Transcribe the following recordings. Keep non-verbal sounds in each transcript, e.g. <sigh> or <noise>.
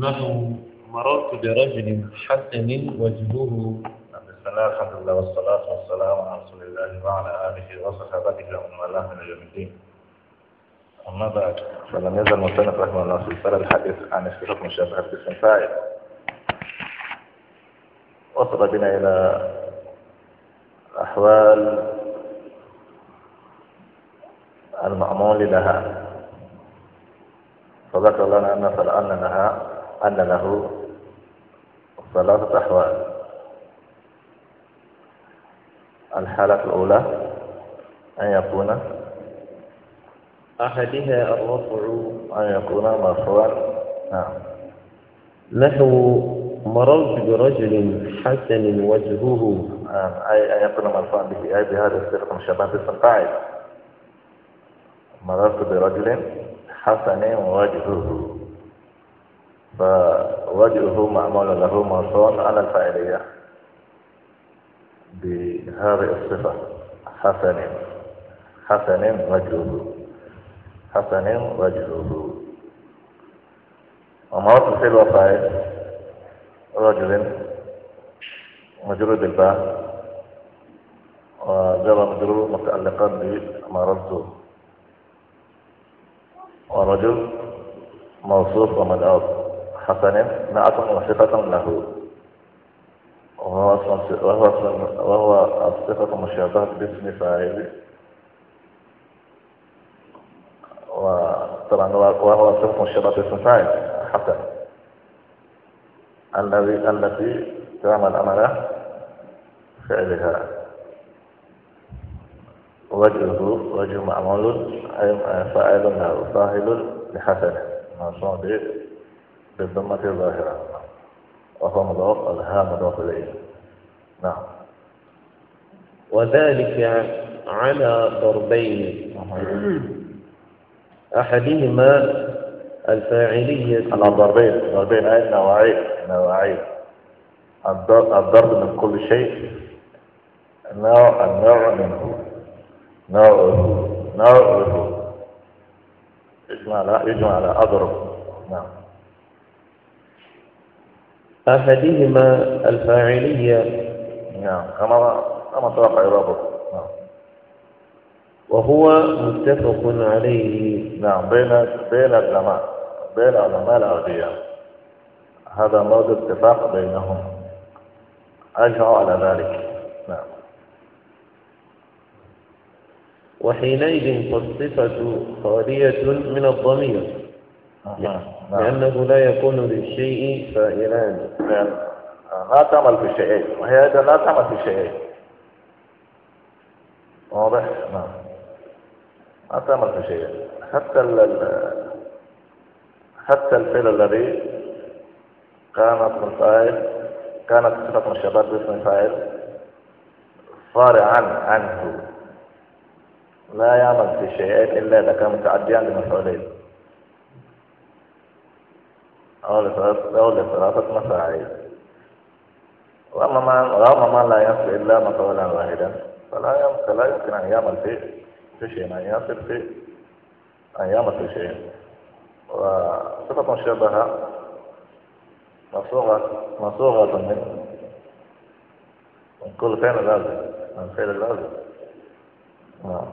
نحن مررت برجل حسن وجهه بسم الله الحمد لله والصلاة والسلام على رسول الله وعلى آله وصحبه ومن والاه من يوم الدين أما بعد فلم يزل مصنف رحمه الله سلسلة الحديث عن استحق مشابهة باسم فائد وصل بنا إلى أحوال المعمول لها فذكر لنا أن فلأن لها أن له ثلاثة أحوال الحالة الأولى أن يكون أحدها الرفع أن يكون مرفوعا نعم نحو مررت برجل حسن وجهه نعم. أي أن يكون مرفوعا به أي بهذا الصيغة مشابهة اسم مررت برجل حسن وجهه فوجهه معمول له موصول على الفاعلية بهذه الصفة حسن حسن وجهه حسن وجهه وموصل في الوفاء رجل مجرد الباء وجرى مجرور متعلقا بمرضه ورجل موصوف ومدعوف حسن مئة وثقة له وهو أصلا وهو الثقة مشابهة باسم فاعل وطبعا وهو الثقة مشابهة باسم فاعل حسن الذي التي تعمل أمر فعلها وجهه وجه معمول أي فاعل له فاعل لحسنه موصول بالضمة الظاهرة وهو مضاف الها مضاف إليه نعم وذلك على ضربين أحدهما الفاعلية على ضربين ضربين أي نوعين نوعين الضرب من كل شيء نوع النوع منه نوعه نوعه يجمع على يجمع على أضرب أحدهما الفاعلية نعم كما كما توقع الرابط نعم وهو متفق عليه نعم بين بين العلماء بين العلماء العربية هذا موضع اتفاق بينهم أجمعوا على ذلك نعم وحينئذ فالصفة خالية من الضمير نعم لأنه لا يكون للشيء فائلان نعم. لا تعمل في الشيء وهي أيضا لا تعمل في الشيء واضح نعم لا تعمل في شيئين حتى ال حتى الفعل الذي كانت من فاعل كانت صفة من الشباب باسم فاعل صار عن عنه لا يعمل في شيئين إلا إذا كان متعديا لمفعولين أول ثلاثة مساعي وأما من لا يصل إلا مطولا واحدا فلا فلا يمكن أن يعمل في شيء أن يصل في أن يعمل في شيء وصفة شبهة مصوغة مصوغة من من كل فعل لازم من فعل لازم نعم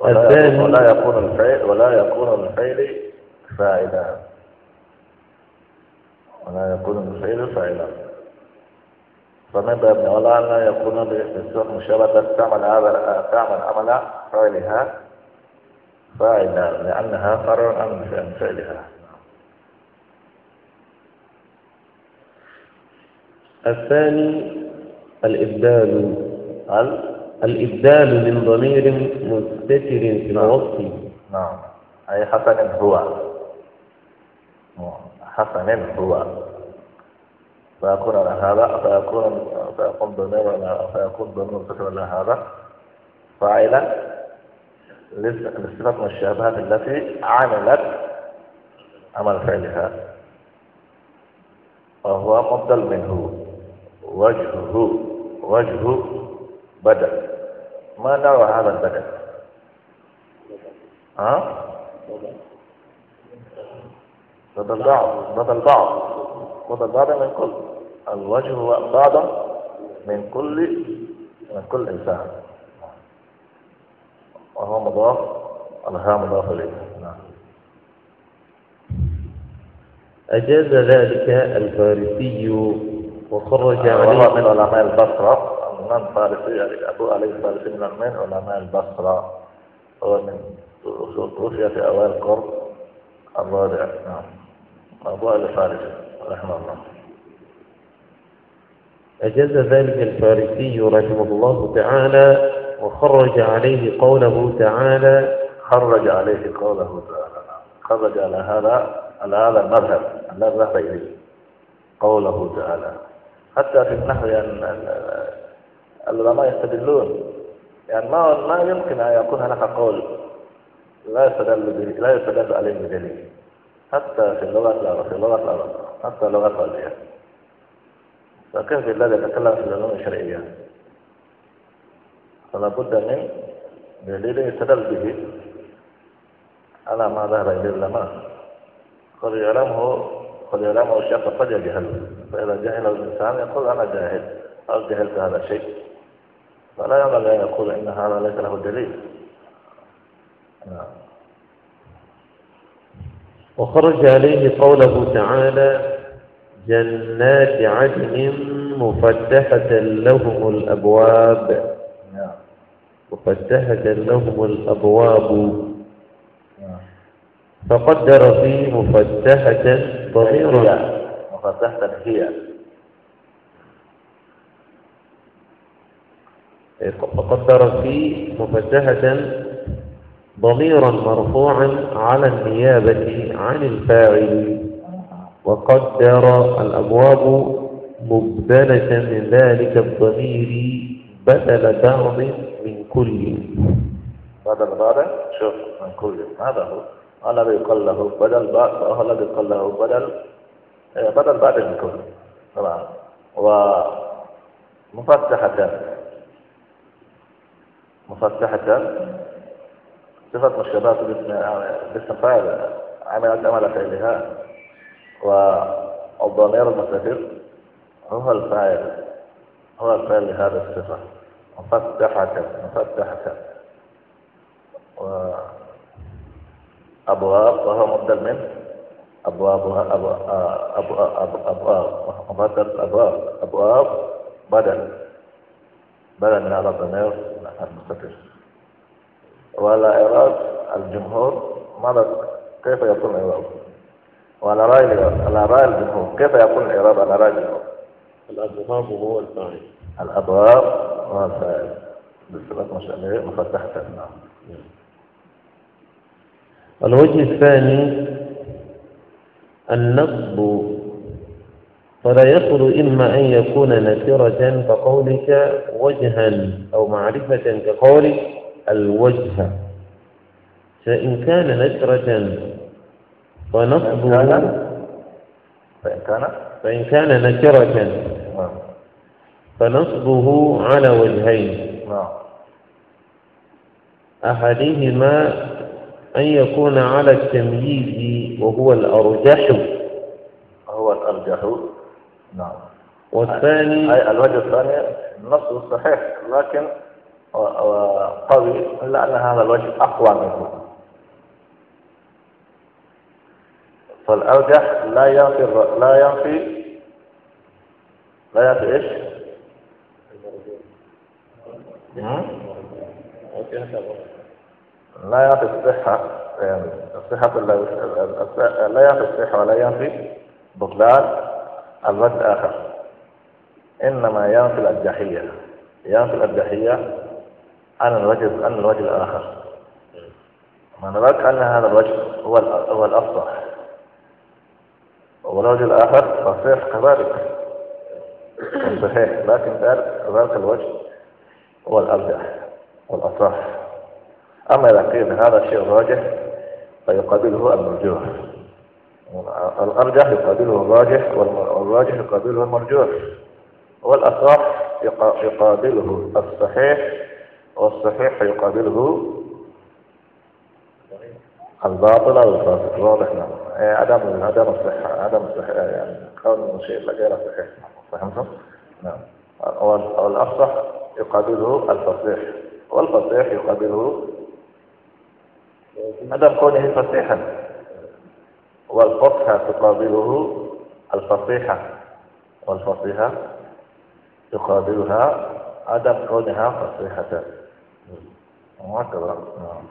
ولا يكون الفعل ولا يكون الفعل فاعلا ولا يكون الفعل فاعلا فمن باب العلا لا يكون بالسوق مشابهة تعمل هذا تعمل عمل فعلها فاعلا لأنها فرع عن فعلها الثاني الإبدال الإبدال من ضمير مستتر في نعم. الوصف نعم أي حسن هو حسنا هو فيكون على هذا فيكون فيكون ضمير على فيكون ضمير فكر على هذا فاعلا للصفات والشبهات التي عملت عمل فعلها وهو مبدل منه وجهه وجه بدل ما نرى هذا البدل ها؟ أه؟ بدل البعض بدل البعض بدل البعض من كل الوجه هو بعض من كل من كل إنسان وهو مضاف الها مضاف إليه نعم أجاز ذلك الفارسي وخرج عليه من علماء البصرة من فارسي أبو علي الفارسي من من علماء البصرة هو من توفي في أوائل القرن الرابع نعم أبو الفارس رحمه الله أجاز ذلك الفارسي رحمه الله تعالى وخرج عليه قوله تعالى خرج عليه قوله تعالى خرج على هذا على هذا المذهب الذي ذهب إليه قوله تعالى حتى في النحو يعني العلماء يستدلون يعني ما ما يمكن أن يكون هناك قول لا يستدل لا يستدل عليه بدليل حتى في اللغة العربية في اللغة العربية حتى اللغة العربية فكيف بالله يتكلم في العلوم الشرعية فلا بد من دليل يستدل به على ما ذهب إليه العلماء قد يعلمه قد يعلمه الشيخ قد يجهله فإذا جهل الإنسان يقول أنا جاهل أو جهلت هذا الشيء فلا ينبغي أن يقول إن هذا ليس له دليل نعم وخرج عليه قوله تعالى جنات عدن مفتحة لهم الأبواب مفتحة لهم الأبواب فقدر في مفتحة ضمير مفتحة هي فقدر في مفتحة ضميرا مرفوعا على النيابة عن الفاعل وقدر الأبواب مبدلة من ذلك الضمير بدل بعض من كل بدل بعض شوف من كل هذا هو الذي يقال له بدل بعض الذي يقال له بدل آه، بدل بعض من كل طبعا ومفتحة مفتحة صفة باسم باستفادة عملت عمل فعلها والضمير المستتر هو الفاعل هو الفاعل لهذه الصفة مفتحة مفتحة وأبواب وهو مبدل من أبوابها أبواب أبواب مبدل أبواب أبواب بدل بدل من هذا الضمير المستتر وعلى إيراد الجمهور ماذا كيف يكون الإيراد وعلى رأي على رأي الجمهور كيف يكون الإيراد على رأي الجمهور الأبواب هو الفاعل الأبواب هو الفاعل بالصلاة ما شاء الله مفتحة نعم الوجه الثاني النصب فلا يخلو إما أن يكون نكرة كقولك وجها أو معرفة كقولك الوجه فإن كان نكرة فنصبه فإن كان فإن كان نكرة نعم. فنصبه على وجهين نعم. أحدهما أن يكون على التمييز وهو الأرجح هو الأرجح نعم والثاني الوجه الثاني النص صحيح لكن وقوي إلا أن هذا الوجه أقوى منه فالأرجح لا ينفي لا ينفي لا ينفي إيش؟ لا ينفي الصحة يعني الصحة لا ينفي الصحة ولا ينفي بطلان الوجه الآخر إنما ينفي الأرجحية ينفي الأرجحية عن الوجه عن الوجه الآخر ما نراك أن هذا الوجه هو هو الأفصح والوجه الآخر صحيح كذلك صحيح لكن ذلك الوجه هو الأرجح والأصح أما إذا قيل هذا الشيء الراجح فيقابله المرجوح الأرجح يقابله الراجح والراجح يقابله المرجوح والأصح يقابله الصحيح والصحيح يقابله الباطل أو الفاسد واضح نعم إيه، عدم عدم الصحة عدم الصحة يعني كون شيء غير صحيح فهمتم؟ نعم والأفصح يقابله الفصيح والفصيح يقابله عدم كونه فصيحا والفصحى تقابله الفصيحة والفصيحة يقابلها عدم كونها فصيحة نعم.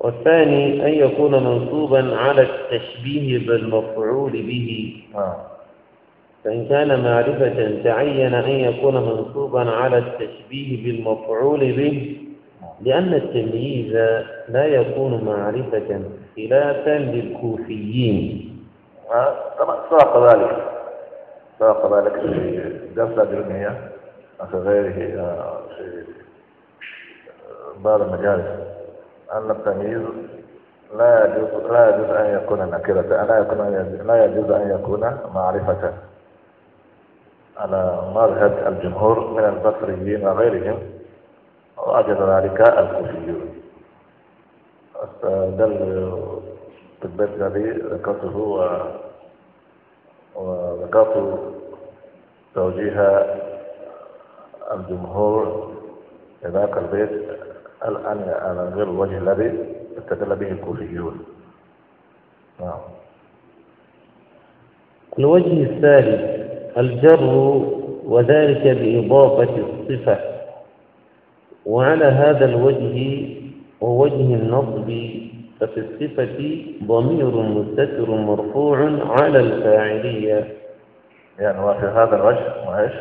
والثاني أن يكون منصوبا على التشبيه بالمفعول به نعم. فإن كان معرفة تعين أن يكون منصوبا على التشبيه بالمفعول به نعم. لأن التمييز لا يكون معرفة خلافا للكوفيين آه، طبعا سبق ذلك سبق ذلك في درس الدنيا وفي غيره آه، في بعض المجالس أن التمييز لا يجوز لا يجوز أن يكون نكرة لا يكون لا يجوز أن يكون معرفة على مذهب الجمهور من البصريين وغيرهم وأجد ذلك الكوفيون استدل بالبيت الذي ذكرته و وذكرت توجيه الجمهور لذاك البيت الآن على غير الوجه الذي استدل به الكوفيون نعم الوجه الثالث الجر وذلك بإضافة الصفة وعلى هذا الوجه ووجه النصب ففي الصفة ضمير مستتر مرفوع على الفاعلية يعني وفي هذا الوجه وإيش؟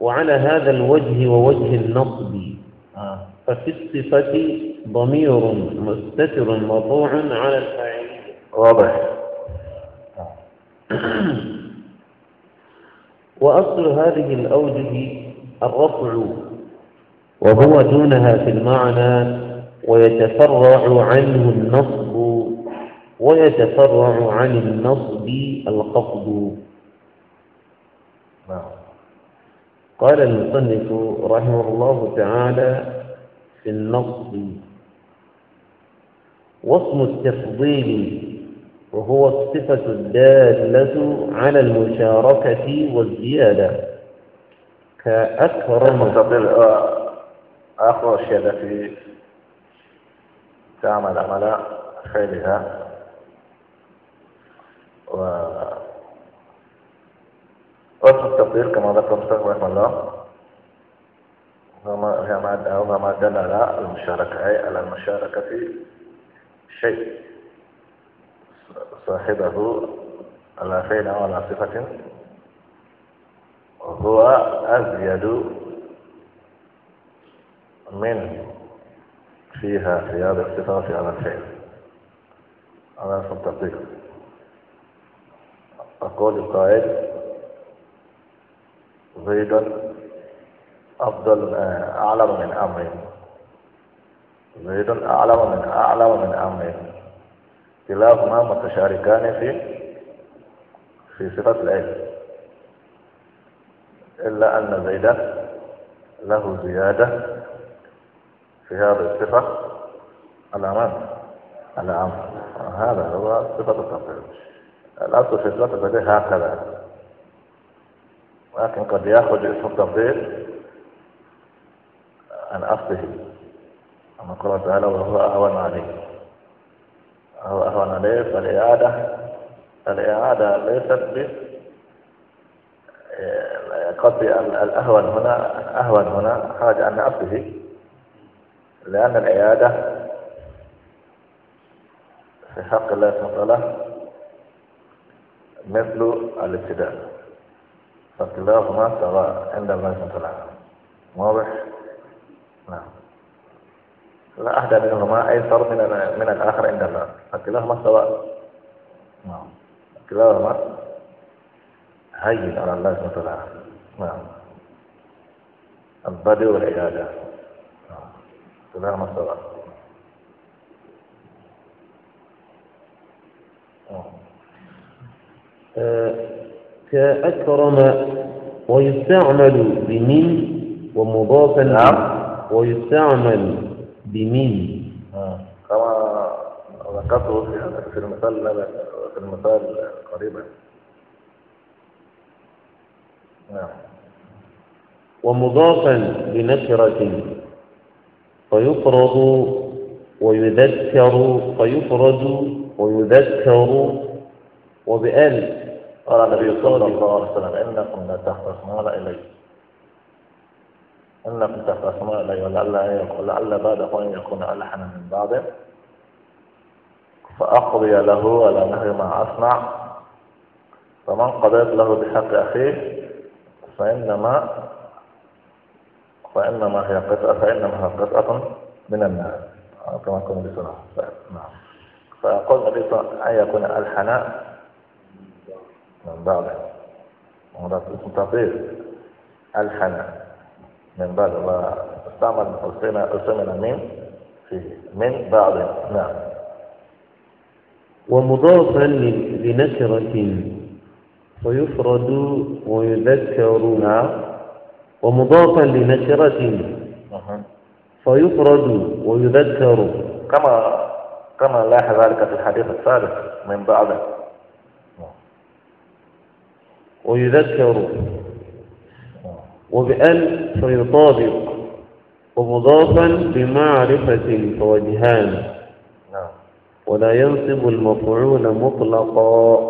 وعلى هذا الوجه ووجه النصب ففي الصفة ضمير مستتر مطوع على الفاعلية واضح <clears throat> وأصل هذه الأوجه الرفع وهو دونها في المعنى ويتفرع عنه النصب ويتفرع عن النصب القصد نعم قال المصنف رحمه الله تعالى في النص واسم التفضيل وهو الصفة الدالة على المشاركة والزيادة كأكرم آه، آخر الشيء التي تعمل عمل خيرها و أصل التطبيق كما ذكر المصنف رحمه الله هي ما دل على المشاركة أي على المشاركة في شيء صاحبه على فعل أو على صفة هو أزيد من فيها في هذا الصفة وفي هذا الفعل هذا اسم التطبيق أقول القائد زيد أفضل أعلم من أمر زيد أعلم من أعلم من أمر كلاهما متشاركان في في صفة العلم إلا أن زيدا له زيادة في هذه الصفة الأمر الأمر هذا هو صفة التفريج الأصل في الصفة هكذا ولكن قد ياخذ اسم التفضيل عن أصله اما قال تعالى وهو أهون عليه وهو أهون عليه فالإعادة الإعادة ليست قصدي الأهون هنا أهون هنا خرج عن أصله لأن العيادة في حق الله سبحانه وتعالى مثل الابتداء ما سواء عند الله سبحانه وتعالى واضح؟ نعم لا أحد منهما أيسر من من الآخر عند الله ما سواء نعم ما هين على الله سبحانه وتعالى نعم البدء والعيادة نعم ما سواء نعم آه، كأكرم ويستعمل بمن ومضافا نعم ويستعمل بمن آه. كما ذكرته في المثال في المثال قريبا نعم ومضافا بنكرة فيفرض ويذكر فيفرض ويذكر وبألف قال النبي صلى الله عليه وسلم إنكم لا لتختصمون إلي إنكم تختصمون إلي ولعل يقول لعل أن يكون ألحن من بعض فأقضي له ولا نهي ما أصنع فمن قضيت له بحق أخيه فإنما فإنما هي قطعة فإنما هي قطعة من النار كما كنا بسرعة نعم عليه وسلم أن يكون الحناء من بعد اسم تطير ألحن من بعد ما استعمل أسمنا من فيه من بعد نعم ومضافا لنكرة فيفرد نعم ومضافا لنكرة فيفرد ويذكر كما كما لاحظ ذلك في الحديث الثالث من بعد ويذكر وبأل فيطابق ومضافا بمعرفة فوجهان نعم. ولا ينصب المفعول مطلقا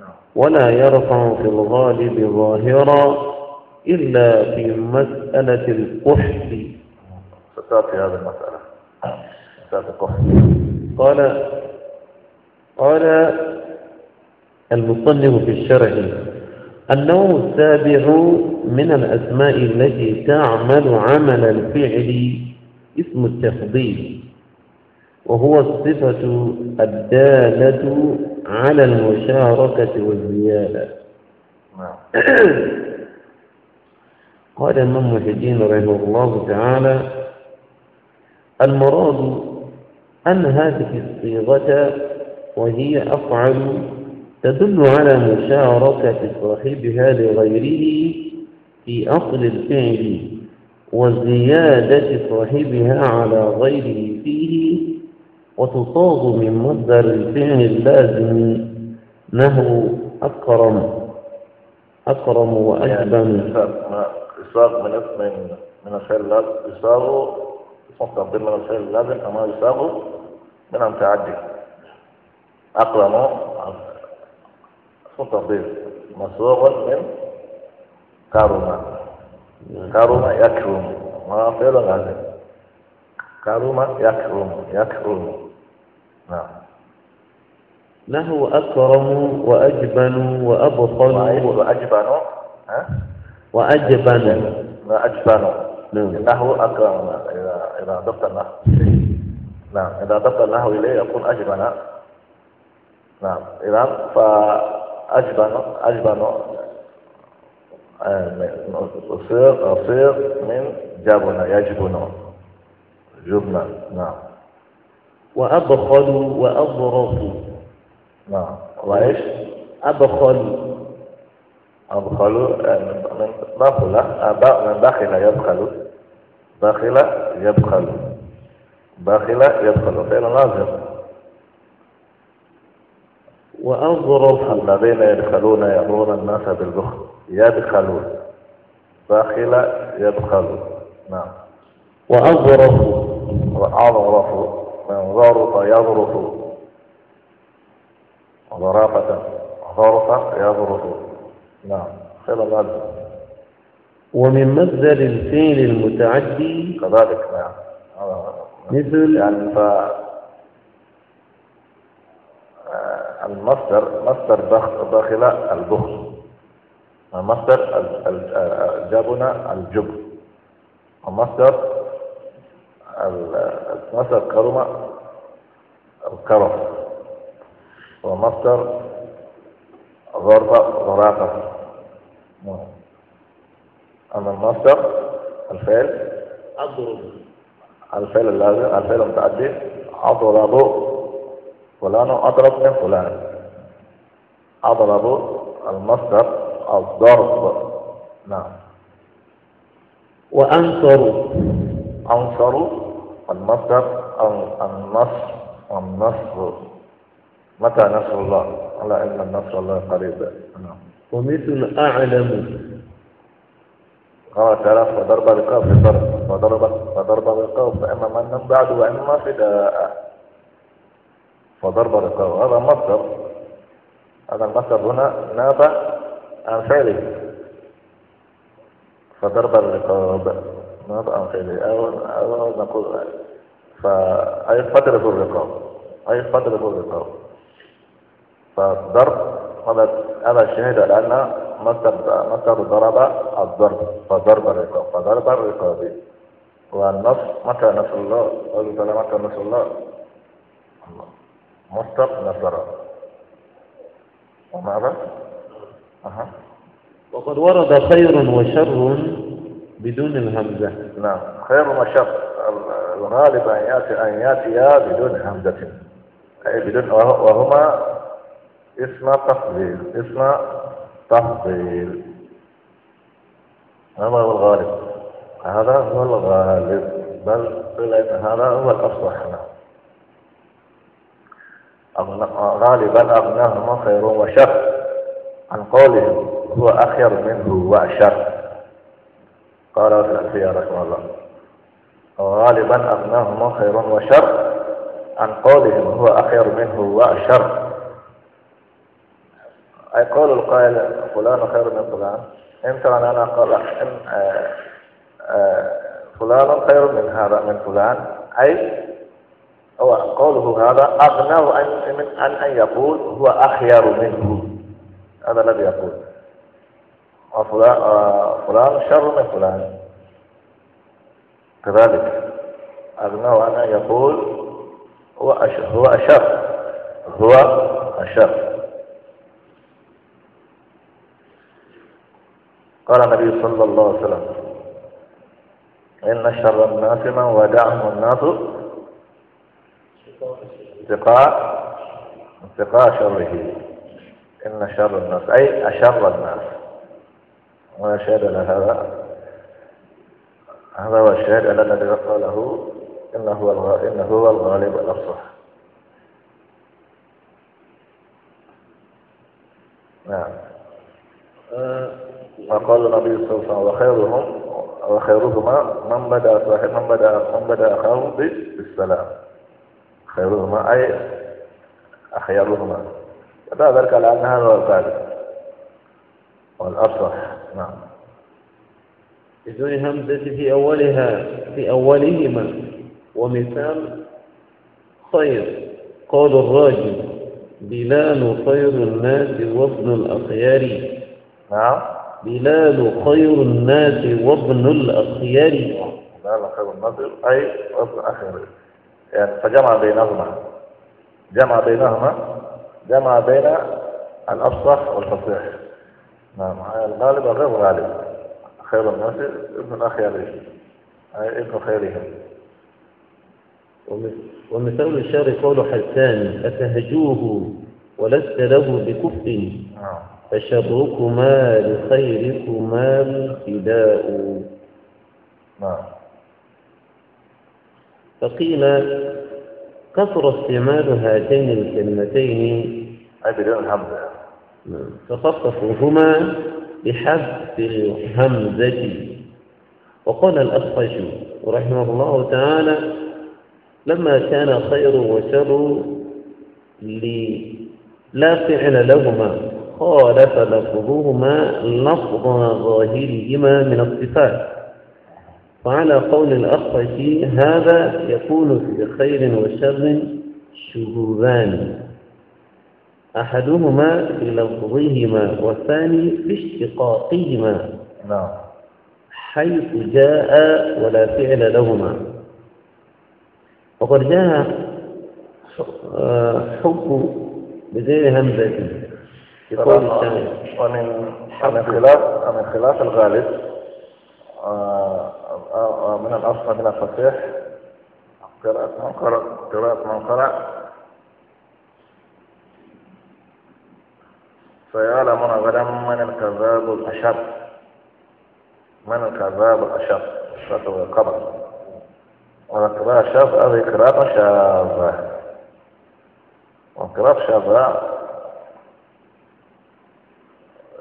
نعم. ولا يرفع في الغالب ظاهرا إلا في مسألة القحط ستأتي هذه المسألة مسألة الكحف قال قال المصنف في الشرح النوع السابع من الأسماء التي تعمل عمل الفعل اسم التفضيل وهو الصفة الدالة على المشاركة والزيادة نعم. <clears throat> قال الإمام محجين رحمه الله تعالى المراد أن هذه الصيغة وهي أفعل تدل على مشاركة صاحبها لغيره في أصل الفعل وزيادة صاحبها على غيره فيه وتصاغ من مصدر الفعل اللازم نهو أكرم أكرم وأجبن يعني إصاغ من اسم من الفعل اللازم إصاغه مصدر من الفعل اللازم أما إصاغه من المتعدي أكرم متضيف مصدوغ من كرم كرم يكرم ما فعل هذا كرم يكرم يكرم نعم له أكرم وأجبن وأبطل وأجبن ها وأجبن وأجبن نعم. له أكرم إذا إذا ضبط نعم إذا ضبط له إليه يكون أجبن نعم إذا ف أجبن أجبن أصير آه، أصير من جبن يجبن جبنا نعم وأبخل وأظرف نعم وإيش أبخل أبخل آه، من بخل آه، من بخل يبخل بخل يبخل بخل يبخل فعلا لازم وانظروا الذين يدخلون يأمرون الناس بالبخل يدخلون داخل يدخلون نعم وأظرفوا وأظرفوا انظروا نعم. ظرف يظرف ظرافة ظرف يظرف نعم خير الله ومن مصدر الفعل المتعدي كذلك نعم مثل يعني المصدر مصدر داخل البخل مصدر جابنا الجبن ومصدر مصدر كرمة الكرم ومصدر غربة غراقة أما المصدر الفعل الفعل اللازم الفعل المتعدي أضرب فلان أضرب من فلان أضرب المصدر الضرب نعم وأنصروا أنصروا المصدر النصر النصر متى نصر الله على أن النصر الله قريب نعم ومثل أعلم قال تعالى فضرب القاف فضرب فضرب القوم القاف فأما من بعد وأما فداء وضرب رقابه هذا مصدر هذا المصدر هنا نابع عن فعله فضرب الرقاب نابع عن فعله أو, أو نقول فأي فضرب الرقاب أي فضرب الرقاب فالضرب هذا هذا الشهيد لأن مصدر مصدر ضرب الضرب فضرب الرقاب فضرب الرقاب والنص متى نصر الله قال تعالى متى نصر الله الله مصدر نظرة وماذا؟ أها وقد ورد خير وشر بدون الهمزة نعم خير وشر الغالب أن يأتي أن يأتي بدون همزة أي بدون وهما اسم تفضيل اسم تفضيل هذا هو الغالب هذا هو الغالب بل هذا هو الأصح غالبا أغناهما خير وشر عن قولهم هو أخير منه وأشر قال الألفية رحمه الله غالبا أغناهما خير وشر عن قولهم هو أخير منه وأشر أي قول القائل فلان خير من فلان إن ترى أنا أقول آه، آه، فلان خير من هذا من فلان أي هو قوله هذا أغنى من أن يقول هو أخير منه هذا الذي يقول وفلان آه، آه، فلان شر من فلان كذلك أغنى عن أن يقول هو أشر هو أشر هو أشر قال النبي صلى الله عليه وسلم إن شر الناس من ودعهم الناس انتقاء انتقاء شره إن شر الناس أي أشر الناس وأشهد على هذا هذا هو الشهد على الذي قاله إنه هو إنه هو الغالب الأفصح نعم وقال آه. النبي صلى الله عليه وسلم وخيرهم وخيرهما من بدأ صاحب من بدأ من بدأ أخاه بالسلام خيرهما أي أخيرهما وذلك على أن هذا الغالب والأصح نعم بدون همزة في أولها في أولهما ومثال خير قال الراجل بلال خير الناس وابن الأخيار نعم بلال خير الناس وابن الأخيار بلال خير الناس أي وابن الأخيار فجمع بينهما جمع بينهما جمع بين الأفصح والفصيح نعم آه، الغالب غير غالب خير الناس ابن أخيارهم آه، ابن خيرهم ومثال الشر قول حسان أتهجوه ولست له بكفء نعم. فشركما لخيركما الفداء نعم فقيل كثر استعمال هاتين الكلمتين نعم. فخففوهما بحذف الهمزة وقال الأخفش رحمه الله تعالى لما كان خير وشر لا فعل لهما خالف لفظهما لفظ ظاهرهما من الصفات وعلى قول الأخطئ هذا يكون في خير وشر شذوذان أحدهما في لفظهما والثاني في اشتقاقهما نعم حيث جاء ولا فعل لهما وقد جاء حب بغير همزة في قول ومن ومن خلاف ومن خلاف الغالب آه آه، من الأصل من الفصيح قراءة من قرأ قراءة من قرأ سيعلمون غدا من الكذاب الأشر من الكذاب الأشر الشر والقبر والقراءة الشاذة هذه قراءة شاذة والقراءة الشاذة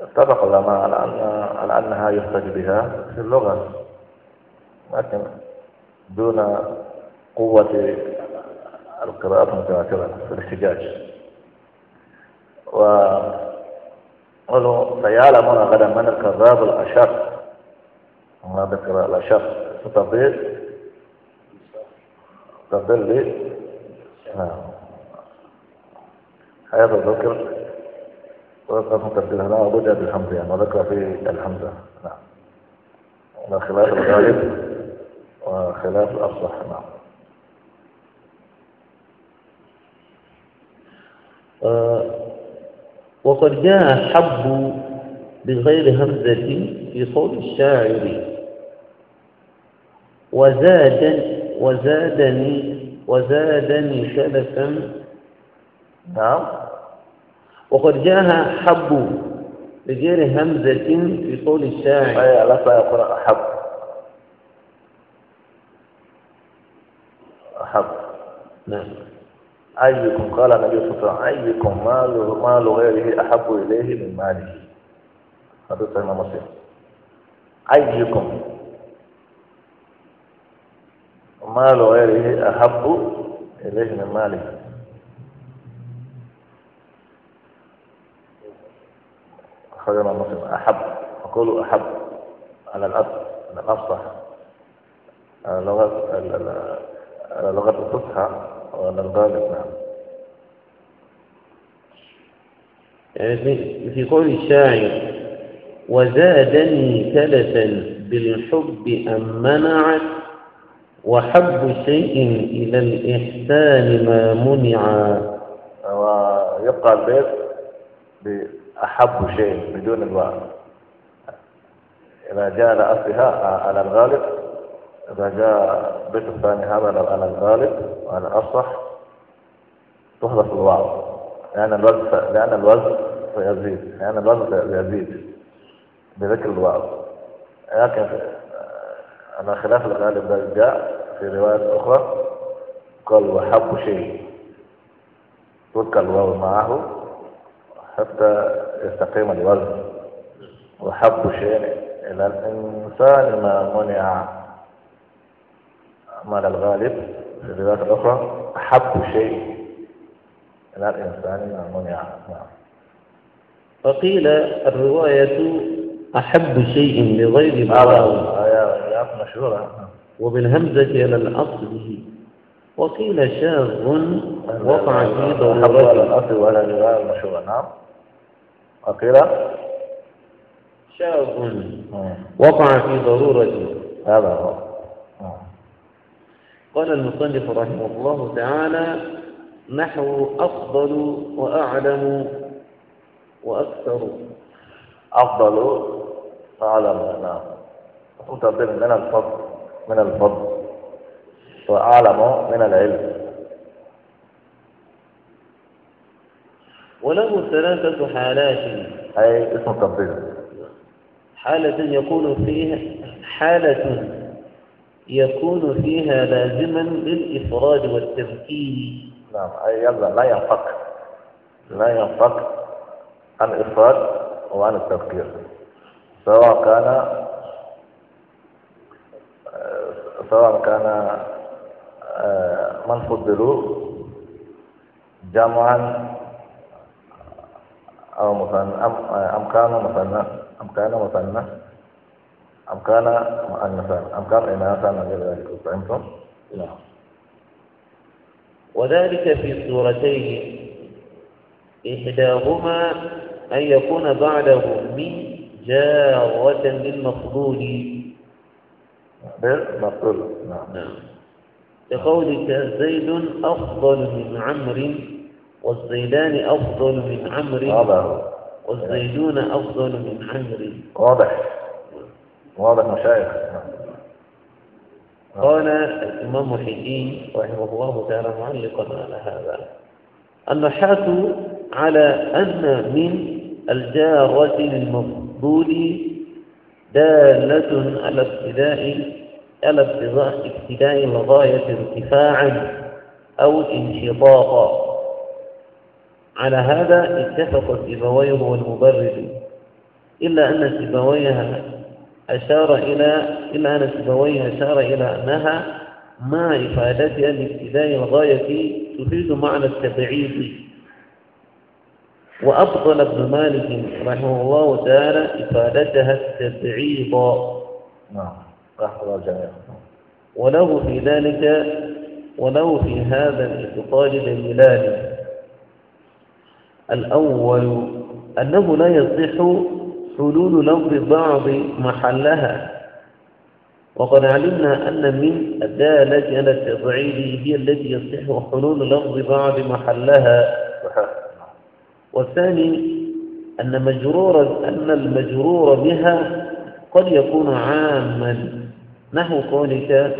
اتفق العلماء على أن على أنها يحتج بها في اللغة لكن دون قوة القراءات المتواترة في الاحتجاج وقالوا سيعلمون غدا من الكذاب الأشر ما ذكر الأشر ستضل تضل نعم هذا ذكر وقسم تبديل هنا وبدأ بالحمزة يعني وذكر في الحمزة نعم خلاف الغالب وخلاف الأصح نعم آه، وقد جاء حب بغير همزة في صوت الشاعر وزاد وزادني وزادني شلفا نعم وقد جاء حب بغير همزة في صوت الشاعر أي لا يقول أحب نعم. أيكم قال النبي صلى الله عليه وسلم أيكم مال مال غيره أحب إليه من ماله هذا صحيح مسلم أيكم مال غيره أحب إليه من ماله أخرجنا مسلم أحب أقول أحب على الأصل على الأفصح على اللغة على لغة الفصحى الغالب نعم يعني في قول الشاعر وزادني تلفا بالحب أم منعت وحب شيء إلى الإحسان ما منع ويبقى البيت بأحب شيء بدون الواقع إذا جاء لأصلها على الغالب جاء بيت الثاني هذا لو أنا الغالب وأنا أصح تحذف الواو لأن الوزن لأن الوزن سيزيد لأن الوزن سيزيد بذكر الواو لكن على آه، خلاف الغالب ده جاء في رواية أخرى قال وحب شيء ترك الواو معه حتى يستقيم الوزن وحب شيء إلى الإنسان ما منع أما الغالب في الروايات الأخرى أحب شيء إلى الإنسان ما منع نعم فقيل الرواية أحب شيء لغير براوي آه، آيات آه، مشهورة وبالهمزة على الأصل وقيل شاذ وقع في ضرورته على الأصل ولا رواية مشهورة نعم وقيل شاذ وقع في ضرورته هذا هو قال المصنف رحمه الله تعالى نحو أفضل وأعلم وأكثر أفضل وأعلم نعم أفضل من الفضل من الفضل وأعلم من العلم وله ثلاثة حالات أي اسم تفضيل حالة يكون فيها حالة يكون فيها لازما للإفراد والتمكين نعم أي يلا لا ينفك لا ينفك عن الإفراد وعن التفكير سواء كان آه، سواء كان آه، من فضلوا جمعا أو مثنى أم آه، كان مثنى أم كان مثنى أم كان مؤنثاً أم كان إناثا أم غير ذلك فهمتم؟ نعم وذلك في صورتين إحداهما أن يكون بعده من جارة للمفضول مفضول نعم نعم لقولك زيد أفضل من عمرو والزيدان أفضل من عمرو والزيدون أفضل من عمرو واضح واضح مشايخ نعم. قال الإمام محي الدين رحمه الله تعالى معلقا على هذا النحاة على أن من الجارة المفضول دالة على ابتداء على ابتداء الغاية ارتفاعا أو انشطاطا على هذا اتفق سيبويه والمبرد إلا أن سيبويه أشار إلى إلى أن نسبويه أشار إلى أنها مع إفادتها لابتداء الغاية تفيد معنى التبعيد وأبطل ابن مالك رحمه الله تعالى إفادتها التبعيض نعم الله وله في ذلك وله في هذا الاعتقاد دليلان الأول أنه لا يصح حلول لفظ بعض محلها وقد علمنا أن من الدالة على التضعيل هي التي يصح حلول لفظ بعض محلها والثاني أن مجرور أن المجرور بها قد يكون عاما نحو قولك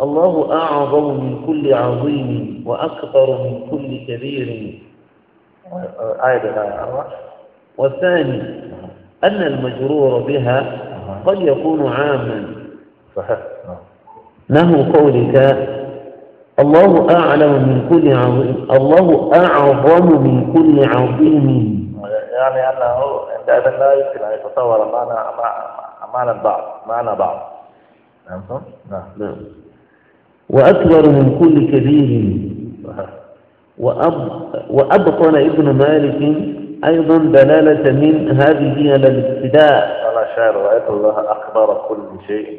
الله أعظم من كل عظيم وأكبر من كل كبير آية والثاني أن المجرور بها قد يكون عاما صحيح ما نعم. قولك الله أعلم من كل عظيم الله أعظم من كل عظيم يعني أنه عند عندما لا يمكن أن يتصور معنى معنى بعض معنى بعض فهمتم؟ نعم. نعم وأكبر من كل كبير وأب وأبطن ابن مالك أيضا دلالة من هذه على الابتداء قال شاعر رأيت الله أكبر كل شيء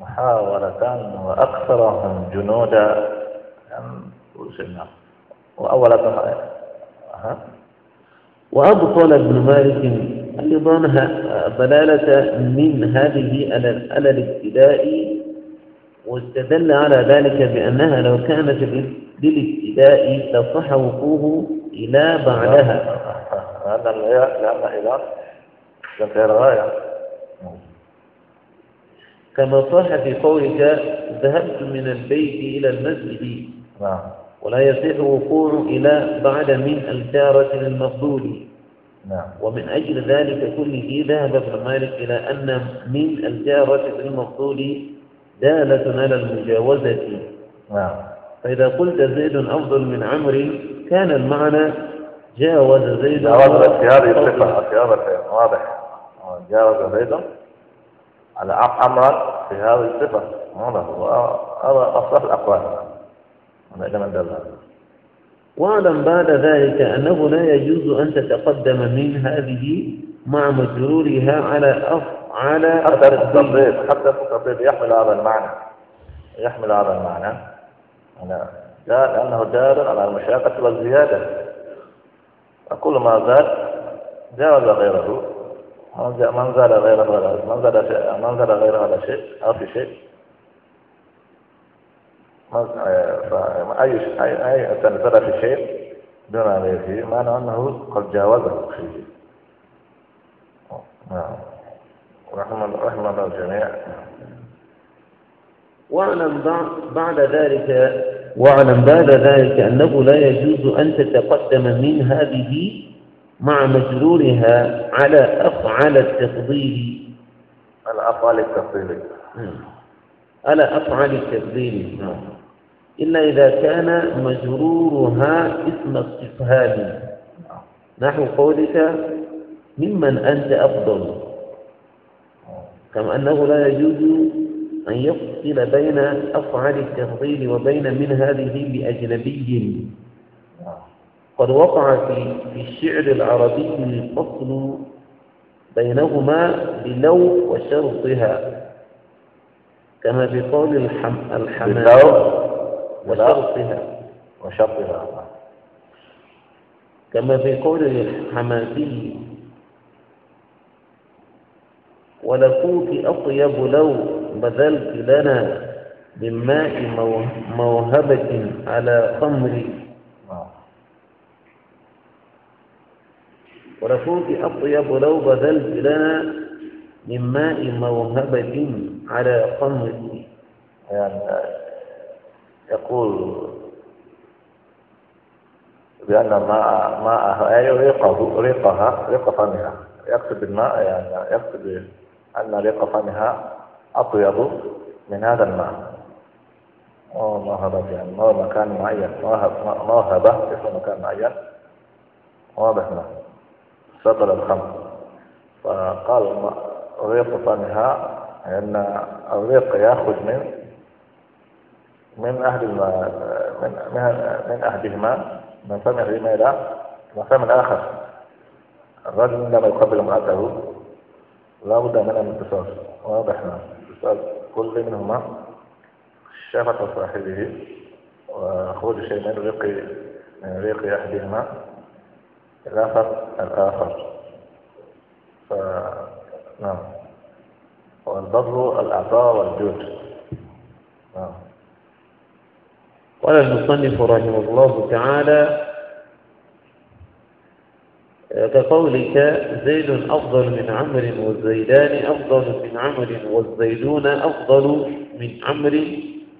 محاولة وأكثرهم جنودا وأولا وأبطل ابن مالك أيضا دلالة من هذه على الابتداء واستدل على ذلك بأنها لو كانت للابتداء لصح وقوه إلى بعدها لأن الغاية لأن إذا لأن هي كما صح في قولك ذهبت من البيت إلى المسجد نعم ولا يصح وقوع إلى بعد من الكارة للمفضول نعم ومن أجل ذلك كله ذهب ابن مالك إلى أن من الجارة المفضول دالة على المجاوزة نعم فإذا قلت زيد أفضل من عمر كان المعنى جاوز زيد جاوز الخيار يصح خيار الخيار واضح جاوز زيد على عمرا في هذه الصفة واضح هذا أصح الأقوال هذا من دل واعلم بعد ذلك أنه لا يجوز أن تتقدم من هذه مع مجرورها على أف على حتى التطبيق حتى التطبيق يحمل هذا المعنى يحمل هذا المعنى أنا قال أنه دار على المشاقة والزيادة أقول ما زاد جاوز غيره من زاد غير هذا من زاد شيء من زاد غير هذا شيء أو في شيء آه، أي أي زاد في شيء دون أن فيه معنى أنه قد جاوزه فيه نعم رحم رحم الله الجميع واعلم بعد ذلك واعلم بعد ذلك أنه لا يجوز أن تتقدم من هذه مع مجرورها على أفعل التفضيل على أفعل التفضيل نعم. على أفعل التفضيل نعم. إلا إذا كان مجرورها اسم استفهام نحو قولك ممن أنت أفضل كما أنه لا يجوز أن يفصل بين أفعال التفضيل وبين من هذه بأجنبي قد وقع في, الشعر العربي الفصل بينهما بلو وشرطها كما بقول الحم... الحمام وشرطها وشرطها كما في قول الحماسي ولكوك أطيب لو بذلت لنا بالماء موهبة على خمري ولفوت أطيب لو بذلت لنا من ماء موهبة على خمري يعني يقول بأن ماء ماءها أي ريقه ريقها ريق فمها يقصد الماء يعني يقصد أن ريق فمها أطيب من هذا الماء موهبة يعني موهبة مكان معين موهبة اسم مكان معين واضح له سطر الخمر فقال غيط منها أن الريق يأخذ من من أهل من من أهلهما من فم أهلهما إلى من فم الآخر الرجل عندما يقبل امرأته لابد من الامتصاص واضح نعم كل منهما شافة صاحبه وخروج شيء من ريق من ريق أحدهما إلى فرق الآخر ف نعم والبر الأعطاء والجود نعم قال المصنف رحمه الله تعالى كقولك زيد أفضل من عمر والزيدان أفضل من عمر والزيدون أفضل من عمر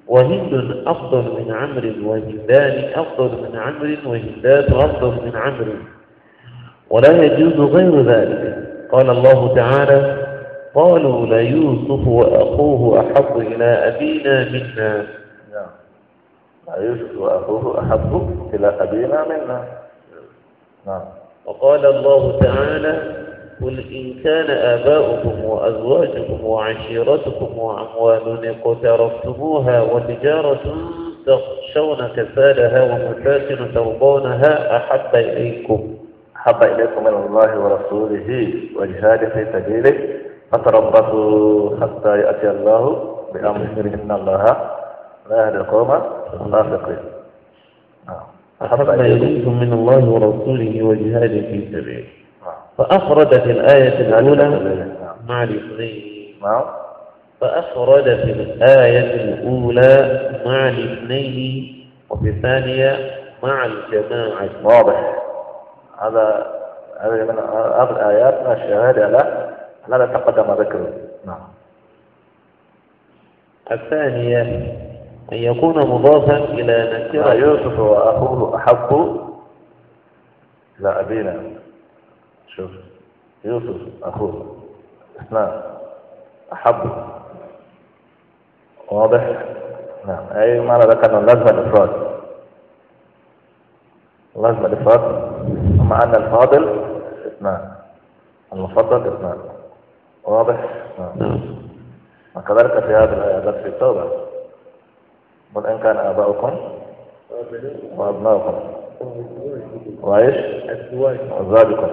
وهند أفضل من عمر وهندان أفضل من عمر وهندات أفضل من عمر ولا يجوز غير ذلك قال الله تعالى قالوا ليوسف وأخوه أحب إلى أبينا منا لا يوسف وأخوه أحب إلى أبينا منا نعم وقال الله تعالى قل إن كان آباؤكم وأزواجكم وعشيرتكم وأموال اقترفتموها وتجارة تخشون كسالها ومساكن ترضونها أحب إليكم أحب إليكم من الله ورسوله وجهاد في سبيله فتربصوا حتى يأتي الله بأمره إن الله لا يهدي القوم الفاسقين نعم أحق يليكم من الله ورسوله وجهاد في سبيله فأخرج في الآية الأولى مع الاثنين نعم. فأخرج في الآية الأولى مع الاثنين وفي الثانية مع الجماعة واضح هذا هذا من هذه الآيات الشهادة لا لا تقدم ذكره نعم الثانية أن يكون مضافا إلى نكرة يوسف وأخوه أحب لا أبينا شوف يوسف أخوه اثنان نعم. أحب واضح نعم أي معنى ذكرنا لازم الإفراد لازم الإفراد مع أن الفاضل اثنان المفضل اثنان واضح نعم, نعم. وكذلك في هذه الآيات في التوبة قل إن كان آباؤكم وأبناؤكم وإيش؟ أزواجكم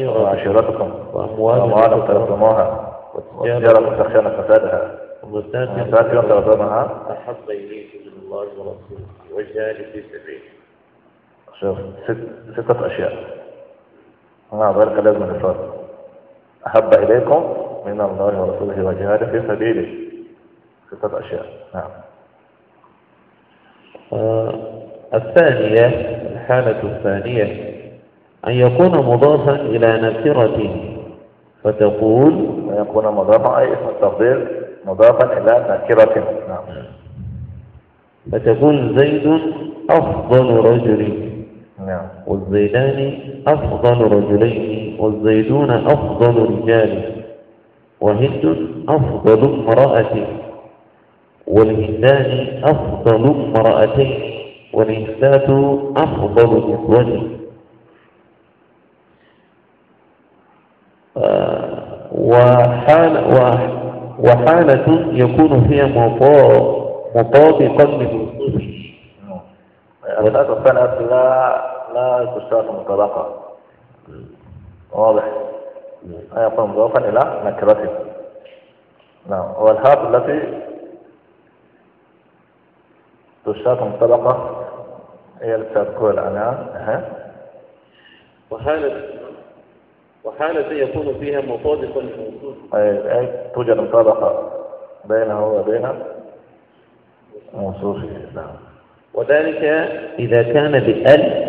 وعشيرتكم وأموال اقترفتموها وتجارة تخشون فسادها ومساكن ترضونها أحب إليكم من الله ورسوله وجهاد في سبيله شوف ستة أشياء مع نعم، ذلك لازم نفرق أحب إليكم من الله ورسوله وجهاد في سبيله ستة أشياء نعم آه، الثانية الحالة الثانية أن يكون مضافا إلى نكرته فتقول أن يكون مضافا أي اسم التفضيل مضافا إلى نكرته نعم فتقول زيد أفضل رجل نعم والزيدان أفضل رجلين والزيدون أفضل رجال وهند أفضل امرأة وللإنسان أفضل امرأتين والإنسان أفضل نسوتين آه، وحالة يكون فيها مطابقا للوصول وللأسف كانت لا لا تشترط مطابقة واضح يكون مضافا إلى نكرته نعم والحالة التي تشاط طبقة هي اللي بتقول عنها أها. وحالة وحالة يكون فيها مصادقا للموصوف أي توجد مطابقة بينه وبين موصوف يعني، نعم وذلك إذا كان بأل